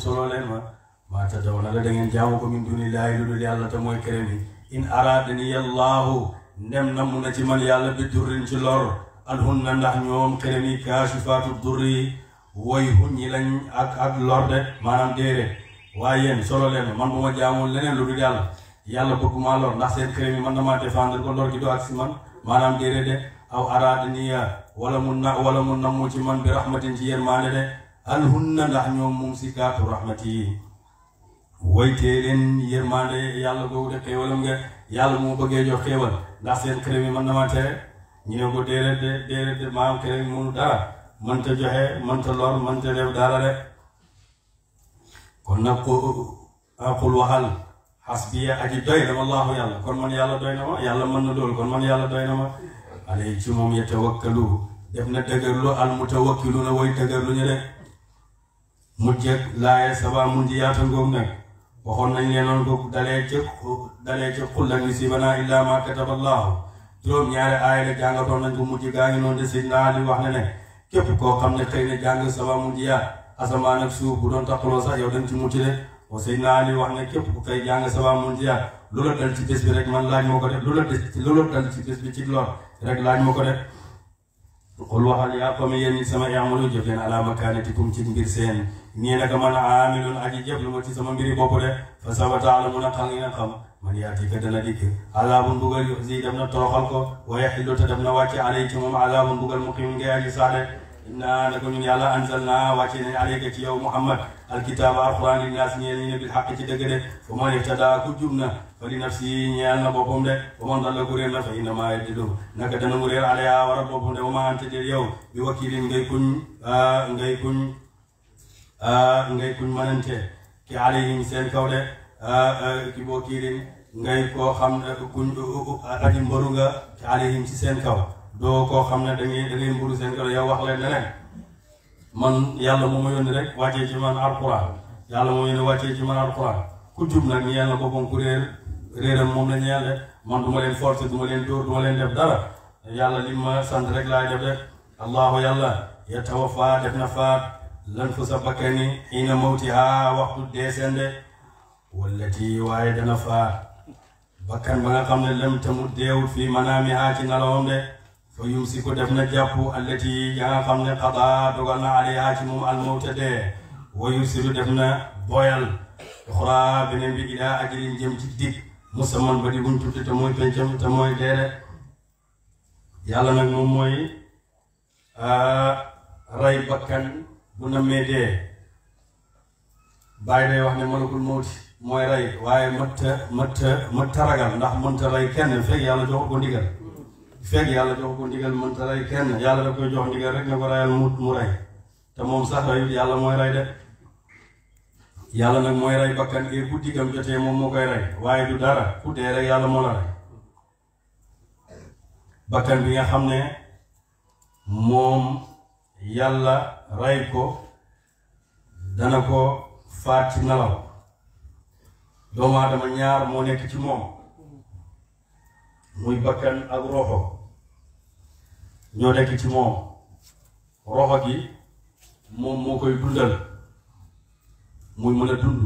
da ngeen ko min mooy kere bi in araadani yallaahu na mun na ci man yàlla bi durrin ci lor alhun na ndax ñoom kere mi kaashifaatu durri woy hun ñi lañ ak ak lor de maanaam déere waaye yéen solo leen man bu ma jaamoon leneen lu dul yàlla yàlla bëgguma lor ndax seen crème yi man damaa défendre ko lor gi do ak si man maanaam wala mun na wala mun na mu man bi rahmatin ci maa ne de alhunna ndax ñoom mum si kaatu rahmati yi woytee leen yërmande yàlla googu de xéewalam nga yàlla moo bëggee jox xéewal ndax seen crème yi man damaa tere ñu ne ko déedéet de déedéet de maanaam crème yi mënu dara mënta joxe mënta lor mënta def dara de kon nag ku ah xul waxal xasbiya aji doy na wallaahu yàlla kon man yàlla doy na ma yàlla mën na loolu kon man yàlla doy na ma alay ci moom yatawakkalu def na dëgërlu al mutawakkiluuna way dëgërlu ñu rek mujjeg laaye saba mun ji yaata ngoog nag waxoon nañ leenoon ko dalee ci dalee ci xul lan yusiibanaa illaa maa kataba allaahu ñaari aaya la jàngatoon nañ ko mujj gaa ngi noonu de Seydina Ali wax na ne képp koo xam ne xëy na jàng saba mun asamaan ak suuf bu doon taqaloo sax yow dañ ci mucc de wa Seydina Ali wax ne képp ku koy jàng sabaa mun jiyaat dal ci bés bi rek man laaj moo ko def loola loola dal ci bés bi ci lor rek laaj moo ko def xul waxal yaa qawmi yéen sama i'malu jëf leen alaa makaanatikum ci mbir seen nii naka man aamilun aji jëf lu ma ci sama mbiri bopp de fa sawfa ta'lamuuna xam ngeen xam man ya'tiika dana dikk azaabun mbugal yu'zii def na toroxal ko wa yaxillu te def na wàcce alay ci inna naka ñun yàlla anzalna wàcce nañ alayka ci yow muhammad alkitaaba alquran li naas ñeel ñi bil xaq ci dëgg de wa man ihtada ku jub na fa li nafsi ñeel na boppam de wa man dalla ku réer na fa innama yadillu naka dana mu réer alaya war a boppam de wa ma anta dir yow bi wakilin ngay kuñ ngay kuñ ngay kuñ mënante ki alayhim seen kaw de ki boo kiirin ngay koo xam kuñ aji mbaru nga ki alayhim ci seen kaw doo koo xam ne da ngay da ngay mburu seen kër yow wax leen ne man ma yónni rek wàccee ci man alxuraan yàlla moo ko kon ku réer réeram moom la ñu yàlla man yàlla li ma sant rek laa def rek allahu na faat lan sa bakkani ina mawtiha waxtu deesende wallati waaye dana faat bakkan ba nga xam ne lam tamut deewut fii manaamiha ci ngalawam de fa yumsiku def na jàpp allati ya xam ne xadaa dogal na aleyha ci moom almawta dee wa yursilu def na boyal uxraa beneen bi ilaa ajalin jëm ci dig musamman ba di buñ tudde te mooy pencam te mooy deere yàlla nag moom mooy rey bakkan bu nammee dee bàyyi day wax ne malakul mawti mooy rey waaye mëtta mëtta mëtta ragal ndax mënta rey kenn fekk yàlla jox ko ndigal fekk yàlla jox ko ndigal mënta rey kenn yàlla da koy jox ndigal rek ne ko reyal mu mu rey te moom sax rey yàlla mooy rey de yàlla nag mooy rey bakkan bu diggam jotee moom moo koy waaye du dara ku dee rek yàlla bi nga xam ne moom yàlla rey ko dana ko faat ci nelaw doomu aadama ñaar moo nekk ci moom muy bakkan ak roxo ñoo nekk ci moom roxo gi moom moo koy dundal muy mën a dund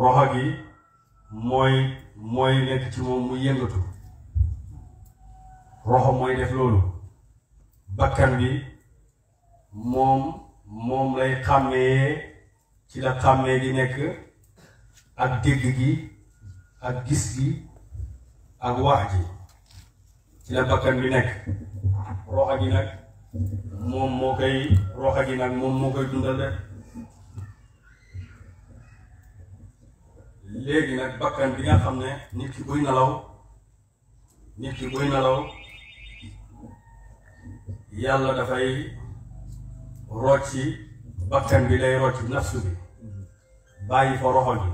roxo gi mooy mooy nekk ci moom muy yëngatu roxo mooy def loolu bakkan bi moom moom lay xàmmee ci la xàmmee gi nekk ak dégg gi ak gis gi ak wax ji ci la bakkan bi nekk roxa gi nag moom moo koy roxa gi nag moom moo koy dundal léegi nag bakkan bi nga xam ne nit ki buy nelaw nit ki buy nelaw yàlla dafay rocci bakkan bi day rocci nafsu bi bàyyi fa roxo bi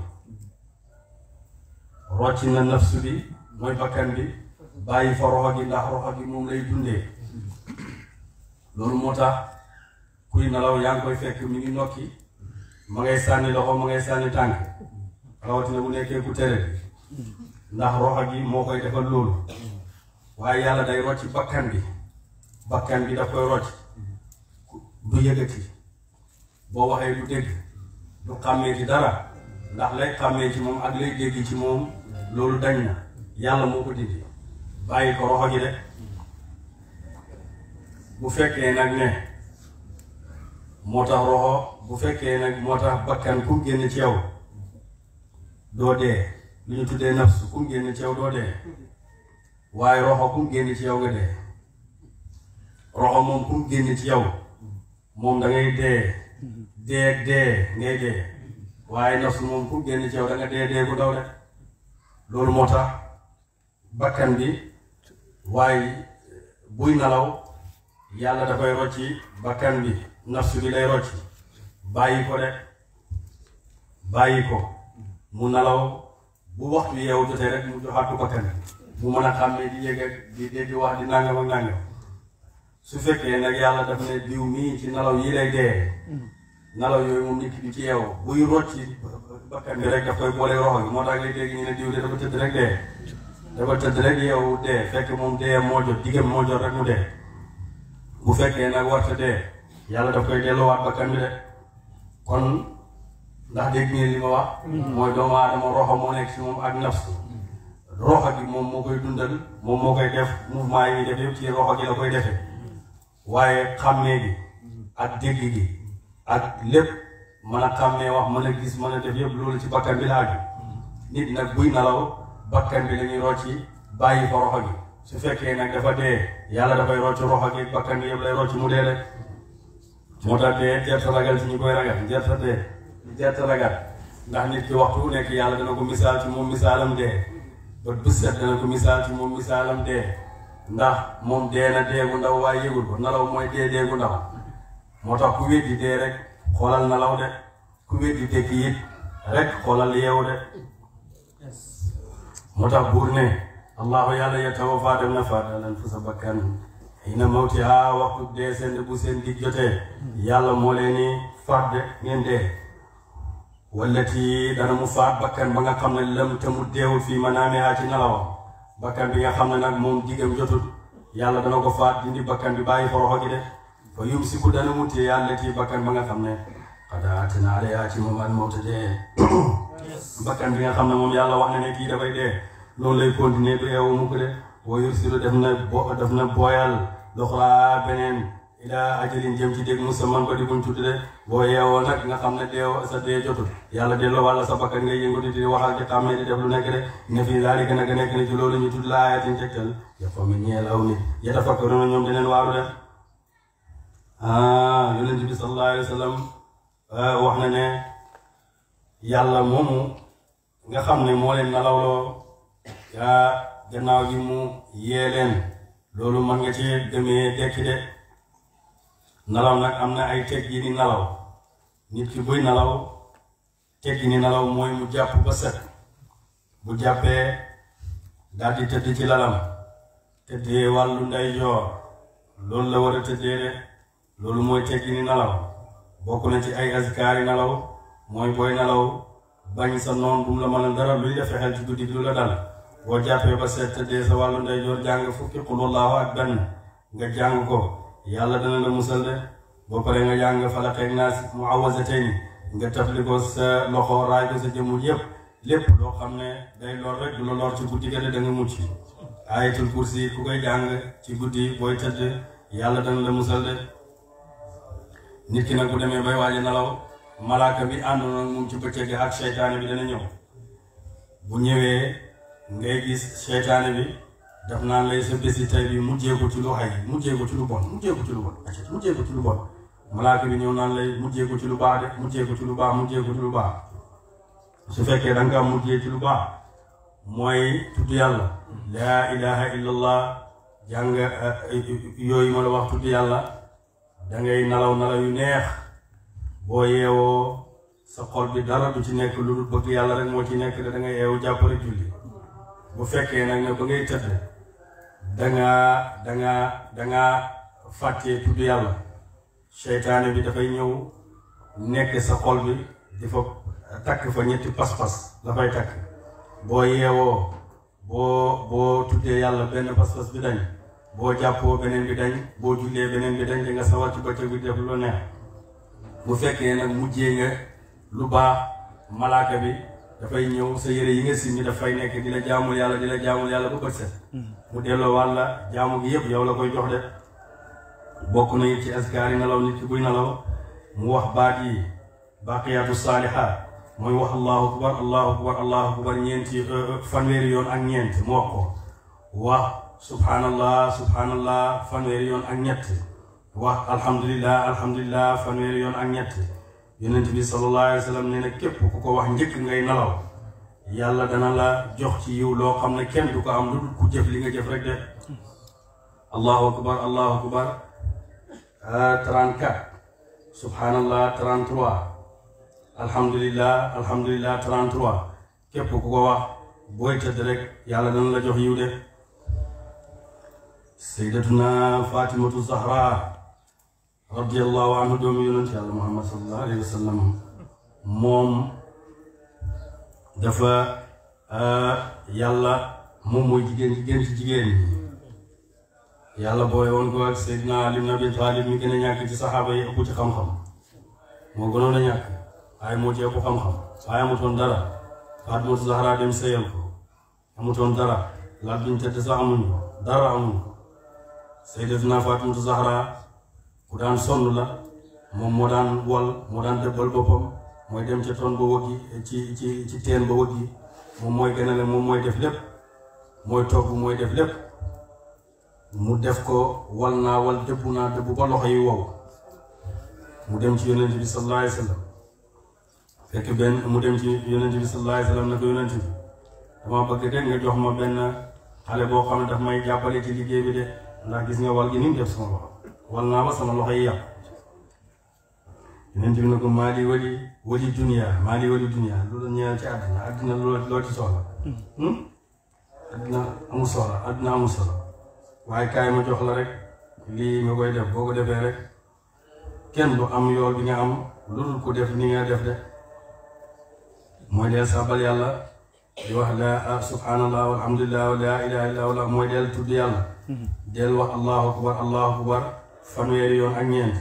rocci na nafsu bi mooy bakkan bi bàyyi fa roxo bi ndax roxo gi moom lay dundee loolu moo tax kuy nelaw yaa ngi koy fekk mi ngi nokki ma ngay sànni loxo ma ngay sànni tànk rawatina bu nekkee ku tere ndax roxo gi moo koy defal loolu waaye yàlla day rocci bakkan bi bakkan bi daf koy rocc du yëgati boo waxee du dégg du xàmmee ci dara ndax lay xàmmee ci moom ak lay dégg ci moom loolu dañ na yàlla moo ko dindi bàyyi ko roxo gi rek bu fekkee nag ne moo tax roxo bu fekkee nag moo bakkan kum génn ci yow doo dee lu ñu tuddee nafs kum génn ci yow doo dee waaye roxo kum génn ci yow dee roxo moom kum génn ci moom da ngay dee dee dee ngay dee waaye nafs moom kum génn ci yow dee dee ku daw loolu moo bakkan bi waaye buy nelaw yàlla da koy rocci bakkan bi nafsu bi lay rocci bàyyi ko de bàyyi ko mu nelaw bu waxtu yeewu jotee rek mu joxaatu bakkan bi mu mën a xàmmee di yëg di dégg wax di nàngam ak nàngam su fekkee nag yàlla daf ne diw mii ci nelaw yi lay dee nelaw yooyu moom nit ki di ci yeewu buy rocci bakkan bi rek daf koy boole roxo bi moo tax lay dégg ñu dafa tëdd rek dee dafa tëdd rek yow dee fekk moom dee moo jot diggam moo jot rek mu dee bu fekkee nag warta dee yàlla daf koy delloowaat bakkan bi de kon ndax dégg ngeen li ma wax mm-hmm. mooy doomu aadama roxo moo nekk si moom ak nafs mm-hmm. roxo gi moom moo koy dundal moom moo koy def mouvement yi def yëpp ci roxo gi la koy defee mm-hmm. waaye xàmmee gi ak dégg gi ak lépp mën a xàmmee wax mën a gis mën a def yëpp loolu ci bakkan bi la aju nit nag buy nalaw bakkan bi dañuy rocci bàyyi fa roxo gi su fekkee nag dafa dee yàlla dafay rocci roxo gi bakkan bi yëpp lay rocci mu dee rek moo tax dee jërta ragal ci ñu koy ragal jërta dee jërta ragal ndax nit ki waxtu nekk yàlla dana ko misaal ci moom misaalam dee ba bu set dana ko misaal ci moom misaalam dee ndax moom dee na dee gu ndaw waaye yëgul ko nalaw mooy dee dee gu ndaw moo tax ku weddi dee rek xoolal nalaw de ku weddi dekk it rek xoolal yeewu moo tax buur ne allahu yàlla yatawafaa dem na faata lan fu sa bakkan ina mawti haa waxtu dee seen bu seen dig jotee yàlla moo leen ni faat de ngeen dee wallati dana mu faat bakkan ba nga xam ne lam te mu deewul fii ma naamee haa ci nelawam bakkan bi nga xam ne nag moom digam jotul yàlla dana ko faat dindi bakkan bi bàyyi xoroxo gi de fa yum si ku dana mu téye yàlla ti bakkan ba nga xam ne xadaati naa de yaa ci moom al mawta dee bakkan bi nga xam ne moom yàlla wax na ne kii dafay dee noonu lay continuer du eewu mukk de wa yursilu def na bo def na booyal doxalaa beneen ilaa ajalin jëm ci dégg de boo yeewoo nag nga sa dee bakkan ngay yëngatu di wax ak di xàmmee di def lu nekk de ne fii daal di gën a gën a nekk ne ci loolu tudd laa ayatin tegtal yafa mi ñeelaw ni yatafakkaruna ñoom de ah, ah wax na ne yàlla moomu nga xam ne moo leen nalawloo yaa gannaaw gi mu yee loolu man nga ci demee dekki de nalaw nag am na ay teg yi ni nalaw nit ki buy nalaw teg ni nalaw mooy mu jàpp ba set bu jàppee daal di tëdd ci lalam tëddee wàllu ndeyjoor loolu la war a tëddee loolu mooy teg yi ni nalaw bokk na ci ay azkaari nalaw mooy booy nelaw bañ sa noon bu mu la mënal dara luy def fexeel ci guddi du la dal boo jàppee ba seet tëddee sa wàllu ndeyjoor jàng fukki qul huwallaahu ak benn nga jàng ko yàlla dana la musal de boo paree nga jàng falaqeeg naas mu awasatayni nga tafli ko sa loxo raay sa jëmmu yëpp lépp loo xam ne day lor rek du la lor ci guddi ga de da nga mucc ayatul kursi ku koy jàng ci guddi booy tëdd yàlla dana la musal de nit ki nag bu demee malaaka bi àndoon ak moom ci bëccëg gi ak seytaane bi dana ñëw bu ñëwee ngay gis seytaane bi daf naan lay sa yi tey bi mujjee ko ci lu xay mujjee ko ci lu bon malaaka bi ñëw naan lay mujjee ko ci lu baax de mujjee ko ci lu baax mujjee ko ci lu baax su fekkee da nga mujjee ci lu baax mooy tudd yàlla laa ilaha illallah jàng eh, eh, yooyu ma la wax tudd yàlla da ngay nalaw nalaw yu neex boo yeewoo sa xol bi dara du ci nekk lu dul bëgg yàlla rek moo ci nekk da yeewu jàpp rek julli bu fekkee nag ne ba ngay tëdd danga danga danga fàttee tudd yàlla seytaane bi dafay ñëw nekk sa xol bi di fa takk fa ñetti pas-pas la takk boo yeewoo boo boo tuddee yàlla benn pas-pas bi dañ boo jàppoo beneen bi dañ boo jullee beneen bi dañ di nga sawar ci bëccëg bi def lu neex bu fekkee nag mujjee nga lu baax malaaka bi dafay ñëw sa yére yi nga simmi dafay nekk dina jaamul yàlla dina la jaamul yàlla bu bët set hmm. mu delloo wàlla jaamu gi yëpp yow la koy jox de bokk na ci askaari nelaw nit ki buy nelaw mu wax baat yi baqiyaatu saalihaat mooy wax allahu akbar allahu akbar allahu akbar ñeenti euh, euh, fanweeri yoon ak ñeent mu wax ko wax subhanallah subhanallah fanweeri yoon ak ñett wax alhamdulilah alhamdulilah fanweeri yoon ak ñett yonent bi sallallahu alayhi wa sallam nee na képp ku ko wax njëkk ngay nelaw yàlla dana la jox ci yiw loo xam ne kenn du ko am lu dul ku jëf li nga jëf rek de allahu akbar allahu akbar 34 ah, subhanallah 33 alhamdulilah alhamdulilah 33 képp ku ko wax booy tëdd rek yàlla dana la jox yiw de sayyidatuna fatimatu zahra radiyallahu anhu doomu yonent yàlla muhammad sallallahu alayhi wa sallam moom dafa uh, yàlla moom mooy jigéen jigéen ci jigéen ñi yàlla booy woon ko ak Seydina Ali ibn Abi Talib mi gën a ñàkk ci saxaaba yi ëpp xam-xam moo gënoon a ñàkk waaye moo ci ëpp xam-xam waaye amutoon dara Fatimatu Zahra dem sëyal ko amutoon dara laaj duñ tëdd sax amuñu dara amuñu Seydatuna Fatimatu Zahra bu daan sonn la moom moo daan wal moo daan dëbbal boppam mooy dem ca toon ba wëggi ci ci ci teen ba wëggi moom mooy ganale moom mooy def lépp mooy togg mooy def lépp mu def ko wal naa wal dëbbu naa dëbbu ba loxo wow mu dem ci yonent bi sallallahu alayhi wa fekk benn mu dem ci yonent bi sallallahu alayhi wa sallam ne ko yonent bi dama bëgg de nga jox ma benn xale boo xam ne daf may jàppale ci liggéey bi de ndax gis nga wal gi ni mu def sama loxo wal naa ma sama loxo yi yàqu yeneen tamit ne ko maa li wali wali dunia maa li wali dunia loolu ñeel ci àddina àddina loo ci hmm? soxla àddina amul soxla waaye kaay ma jox la rek lii nga koy def boo ko defee rek kenn du am yool bi nga am lu dul ko def ni nga def de mooy deel sabal yàlla di wax la subhanallah walhamdulillah wa la ilaha illa allah mooy deel tudd yàlla hmm. deel wax allahu akbar allahu akbar fanweeri yoon ak ñeent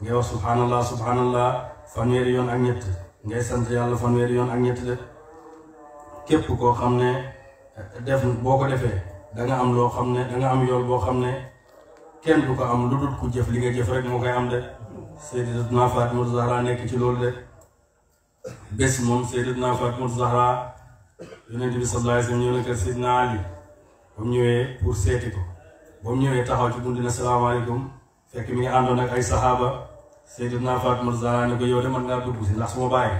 ngay wax subhanallah subhanallah fanweeri yoon ak ñett ngay sant yàlla fanweeri yoon ak ñett de képp koo xam ne eh, def boo ko defee da am loo xam ne da am yool boo xam ne kenn du ko am lu dul ku jëf li nga jëf rek moo koy am de Sayyidatuna Fatima Zahra nekk ci loolu de bés moom Sayyidatuna Fatima Zahra yonent bi sallallahu alayhi wa sallam ñëw na kër Sayyidina Ali ba ñëwee pour seeti ko ba ñëwee taxaw ci bunt ne salaamaaleykum fekk mi ngi àndoon ak ay saxaaba Seydina Fatma Zahra ne ko yow de man ngaa dugg si ndax su ma bàyyi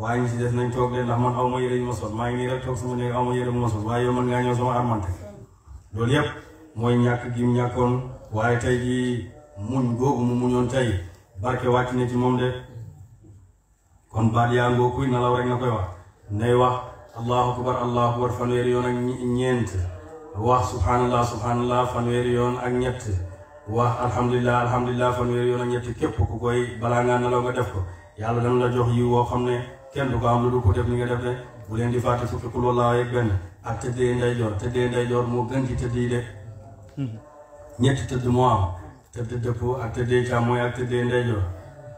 waaye ñu si des nañ toog de ndax man aw ma yére ñu ma maa ngi nii rek toog sama néeg aw ma yére mu ma sol waaye yow mën ngaa ñëw sama armante loolu yëpp mooy ñàkk gi mu ñàkkoon waaye tey jii muñ googu mu muñoon tey barke wàcc na ci moom de kon baat yaa ngoo kuy nalaw rek nga koy wax nay wax allahu akbar allahu akbar fanweeri yoon ak ñeent wax subhanallah subhanallah fanweeri yoon ak ñett wax alhamdulilah alhamdulilah fanweer yoon ak ñetti képp ku koy balaa ngaa nelaw nga def ko yàlla dana la jox yi woo xam ne kenn du ko am lu du ko def ni nga def de bu leen di fàtte fukki kul wallaahu ak benn ak tëddee ndeyjoor tëddee ndeyjoor moo gën ci tëdd de ñetti tëdd moo am tëdd dëpp ak tëddee càmmooy ak tëddee ndeyjoor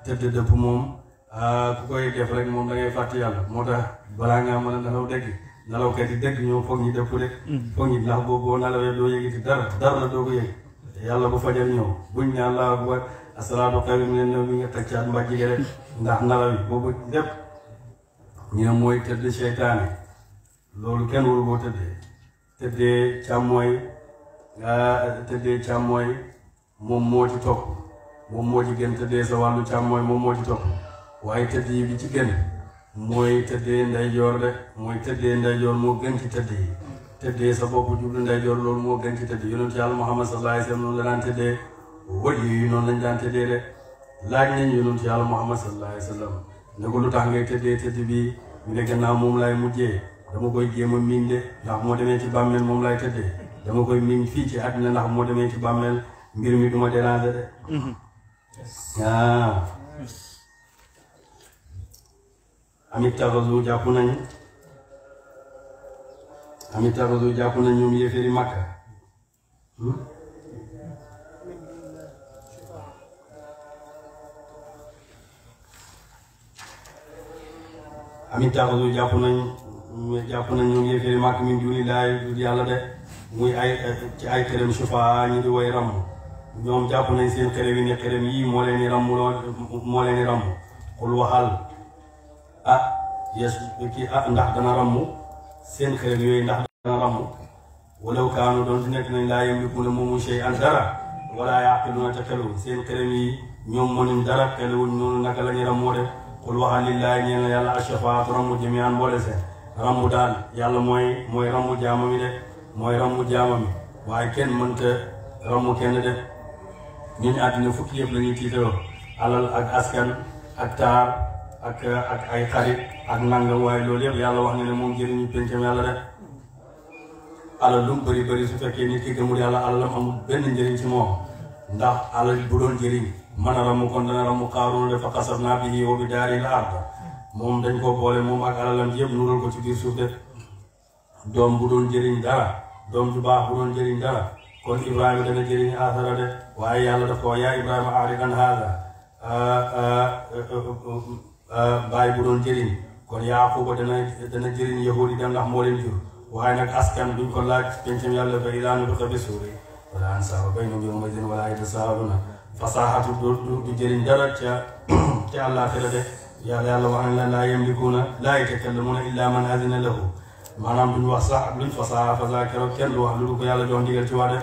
tëdd dëpp moom ah, ku koy def rek moom da ngay fàtte yàlla moo tax balaa ngaa mën a nelaw dégg nelaw kat yi dégg ñoom foog ñi dëpp de mm. foog ñi ndax boobu boo nelawee doo yëgiti dara dara doo ko yëg yàlla bu fajar ñëw buñ ne allah bu ba asalaatu xayru mi ne bi nga teg caat mbàjj gi rek ndax nalaw boobu lépp ñu ne mooy tëdd seytaane loolu kenn waru boo tëddee tëddee càmmooy ah, tëddee càmmooy moom moo ci topp moom moo ci gën tëddee sa wàllu càmmooy moom moo ci topp waaye tëdd yi bi ci gën mooy tëddee ndeyjoor de mooy tëddee ndeyjoor moo gën ci tëdd tëddee sa bopp jublu ndeyjoor loolu moo gën ci tëdd yonent yàlla Muhammad sallallahu alayhi wa sallam noonu la daan tëddee wël yi noonu lañ daan tëddee de laaj nañ yonent yàlla Muhammad sallallahu alayhi wa sallam ne ko lu tax ngay tëddee tëdd bi mu ne gannaaw moom laay mujjee dama koy jéem a miin de ndax moo demee ci bàmmeel moom laay tëddee dama koy miin fii ci àddina ndax moo demee ci bàmmeel mbir mi du ma déranger de mhm. ah amit taxasu jàpp nañ amit tabasu jàpp na ñoom yéeféeri Makka hmm? jàpp nañ jàpp nañ ñoom yéeféeri Makka min duni laay du yàlla de muy ay ci ay këram ñu di woy ramm ñoom jàpp nañ seen këram yii moo leen di ramm moo leen di ramm xul waxal ah yes ki ah ndax dana ramm seen xel yooyu ndax dana ràmm walaw kaanu doon du nekk nañ laa yamlikuuna moomu shay an dara wala yaqiluuna te xeluñ seen xelam yi ñoom mënuñ dara xeluñ naka la ñu ràmmoo def xul ñeen yàlla ashafaatu ràmmu jamian boole seen ràmmu daal yàlla mooy mooy ràmmu jaamami de mooy ràmmu jaamami waaye kenn mënta ràmmu kenn de ñun àddina fukki yëpp la ñuy tiitaroo alal ak askan ak taar ak ay xarit ak nangam waaye loolu yëpp yàlla wax na ne moom jëriñu pencam yàlla rek alal lu mu bëri bëri su fekkee nit ki gëmul yàlla alal la amul benn njëriñ ci moom ndax alal bu doon jëriñ man a ramu kon dana ramu xaaroon dafa xasaf naa bi yow bi daari la ard moom dañ koo boole moom ak alalam yëpp nural ko ci biir suuf bu doon jëriñ dara doom ju baax bu doon jëriñ dara kon Ibrahima dana jëriñ aasara de waaye yàlla daf ko yaa Ibrahima aari an haada ah, ah, ah, baay bu doon jëriñ kon yaaquba dana dana jëriñ yahudi dem ndax moo leen jur waaye nag askan duñ ko laaj pencam yàlla ba ilaa nu duqa bi suuri wala ansaaba baynahum yawma idin wala yatasaaluuna fasaxatu du jëriñ dara ca ca àllaaxira de yàlla yàlla wax na laa yamlikuuna laa yatakallamuna illaa man azina lahu maanaam duñ wax sax luñ fasaxa fasaxa keroog kenn du wax lu du ko yàlla jox ndigal ci wax de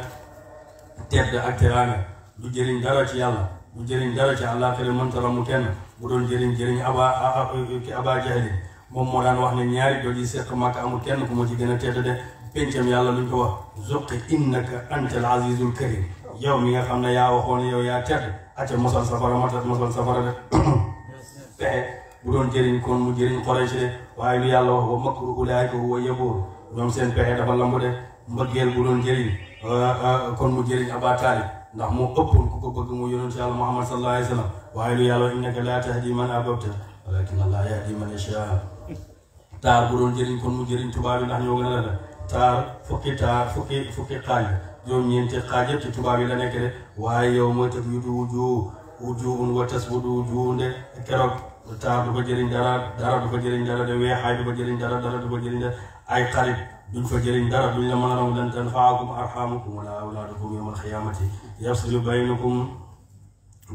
tedd ak teraanga du jëriñ dara ci yàlla mu jëriñ dara ci àllaaxira mënta mu kenn bu doon jëriñ jëriñ aba ki aba jahli moom moo daan wax ne ñaari jot yi seq màkk amul kenn ku ma ci gën a tedd de pencam yàlla luñ ko wax zuqi innaka antal azizul karim yow mi nga xam ne yaa waxoon yow yaa tedd acca mosal safara matat mosal de [COUGHS] pexe bu doon jëriñ kon mu jëriñ Quraysh de waaye lu yàlla wax wa makru ulaayka huwa yabuur ñoom seen pexe dafa lamb de mbëggeel bu doon jëriñ euh, euh, kon mu jëriñ Abaa Taalib ndax moo ëpp ku ko bëgg mu yonent yàlla muhammad sallallahu alayhi wa sallam waaye lu yàlla innaka laa tahdi man ahbabta walakin allah yahdi man yashaa taar bu doon jëriñ kon mu jëriñ tubaab yi ndax ñoo gën a la taar fukki taar fukki fukki xaaj ñoom ñeenti xaaj yëpp ci tubaab yi la nekk de waaye yow mooy tëb yu du wuju wujuhun wa tasbudu wujuhun de keroog taar du ko jëriñ dara dara du ko jëriñ dara de weexaay du ko jëriñ dara dara du ko jëriñ dara ay xarit duñ fa jëriñ dara duñ la mën a raw lan tanfaakum arxaamukum wala awlaadukum yawmal xiyaamati yafsilu baynakum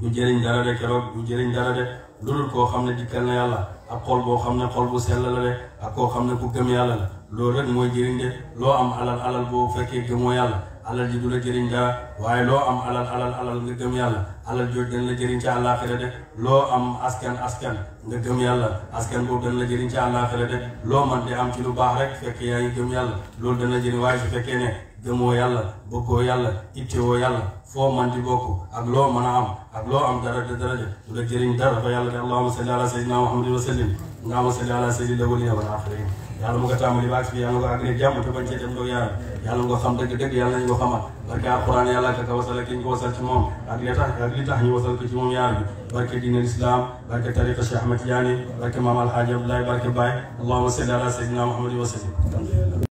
du jëriñ dara de keroog du jëriñ dara de loolu koo xam ne dikkal na yàlla ak xol boo xam ne xol bu sell la de ak koo xam ne ku gëm yàlla la loolu rek mooy jëriñ de loo am alal alal boo fekkee gëmoo yàlla alal ji du la jëriñ dara waaye loo am alal alal alal nga gëm yàlla alal jooju dañ la jëriñ ci àllaaxira de loo am askan askan nga gëm yàlla askan boobu dañ la jëriñ ci àllaaxira de loo man di am ci lu baax rek fekk yaa gëm yàlla loolu dañ la jëriñ waaye su fekkee ne gëmoo yàlla bëggoo yàlla ittewoo yàlla foo man di bokk ak loo mën a am ak loo am dara de dara de du la jëriñ dara fa yàlla de allahumma salli ala sayyidina muhammadin wa sallim allahumma salli yàlla a ko tàmbali ba agsi yàlla nga ko àggale jàmm te bañ cee dem doo yaram yàlla nga xam dëgg-dëgg yàlla nañu ko xamal barke alquran yàlla ak ka wasal ak ki ñu ko wasal ci moom ak li tax ak li tax ñu wasal ko ci moom yaar bi barke diine islam barke tariqa Cheikh Ahmed Tidiane barke maam alhaaji Abdoulaye barke Baye allahuma salli ala sayyidina muhammadin wa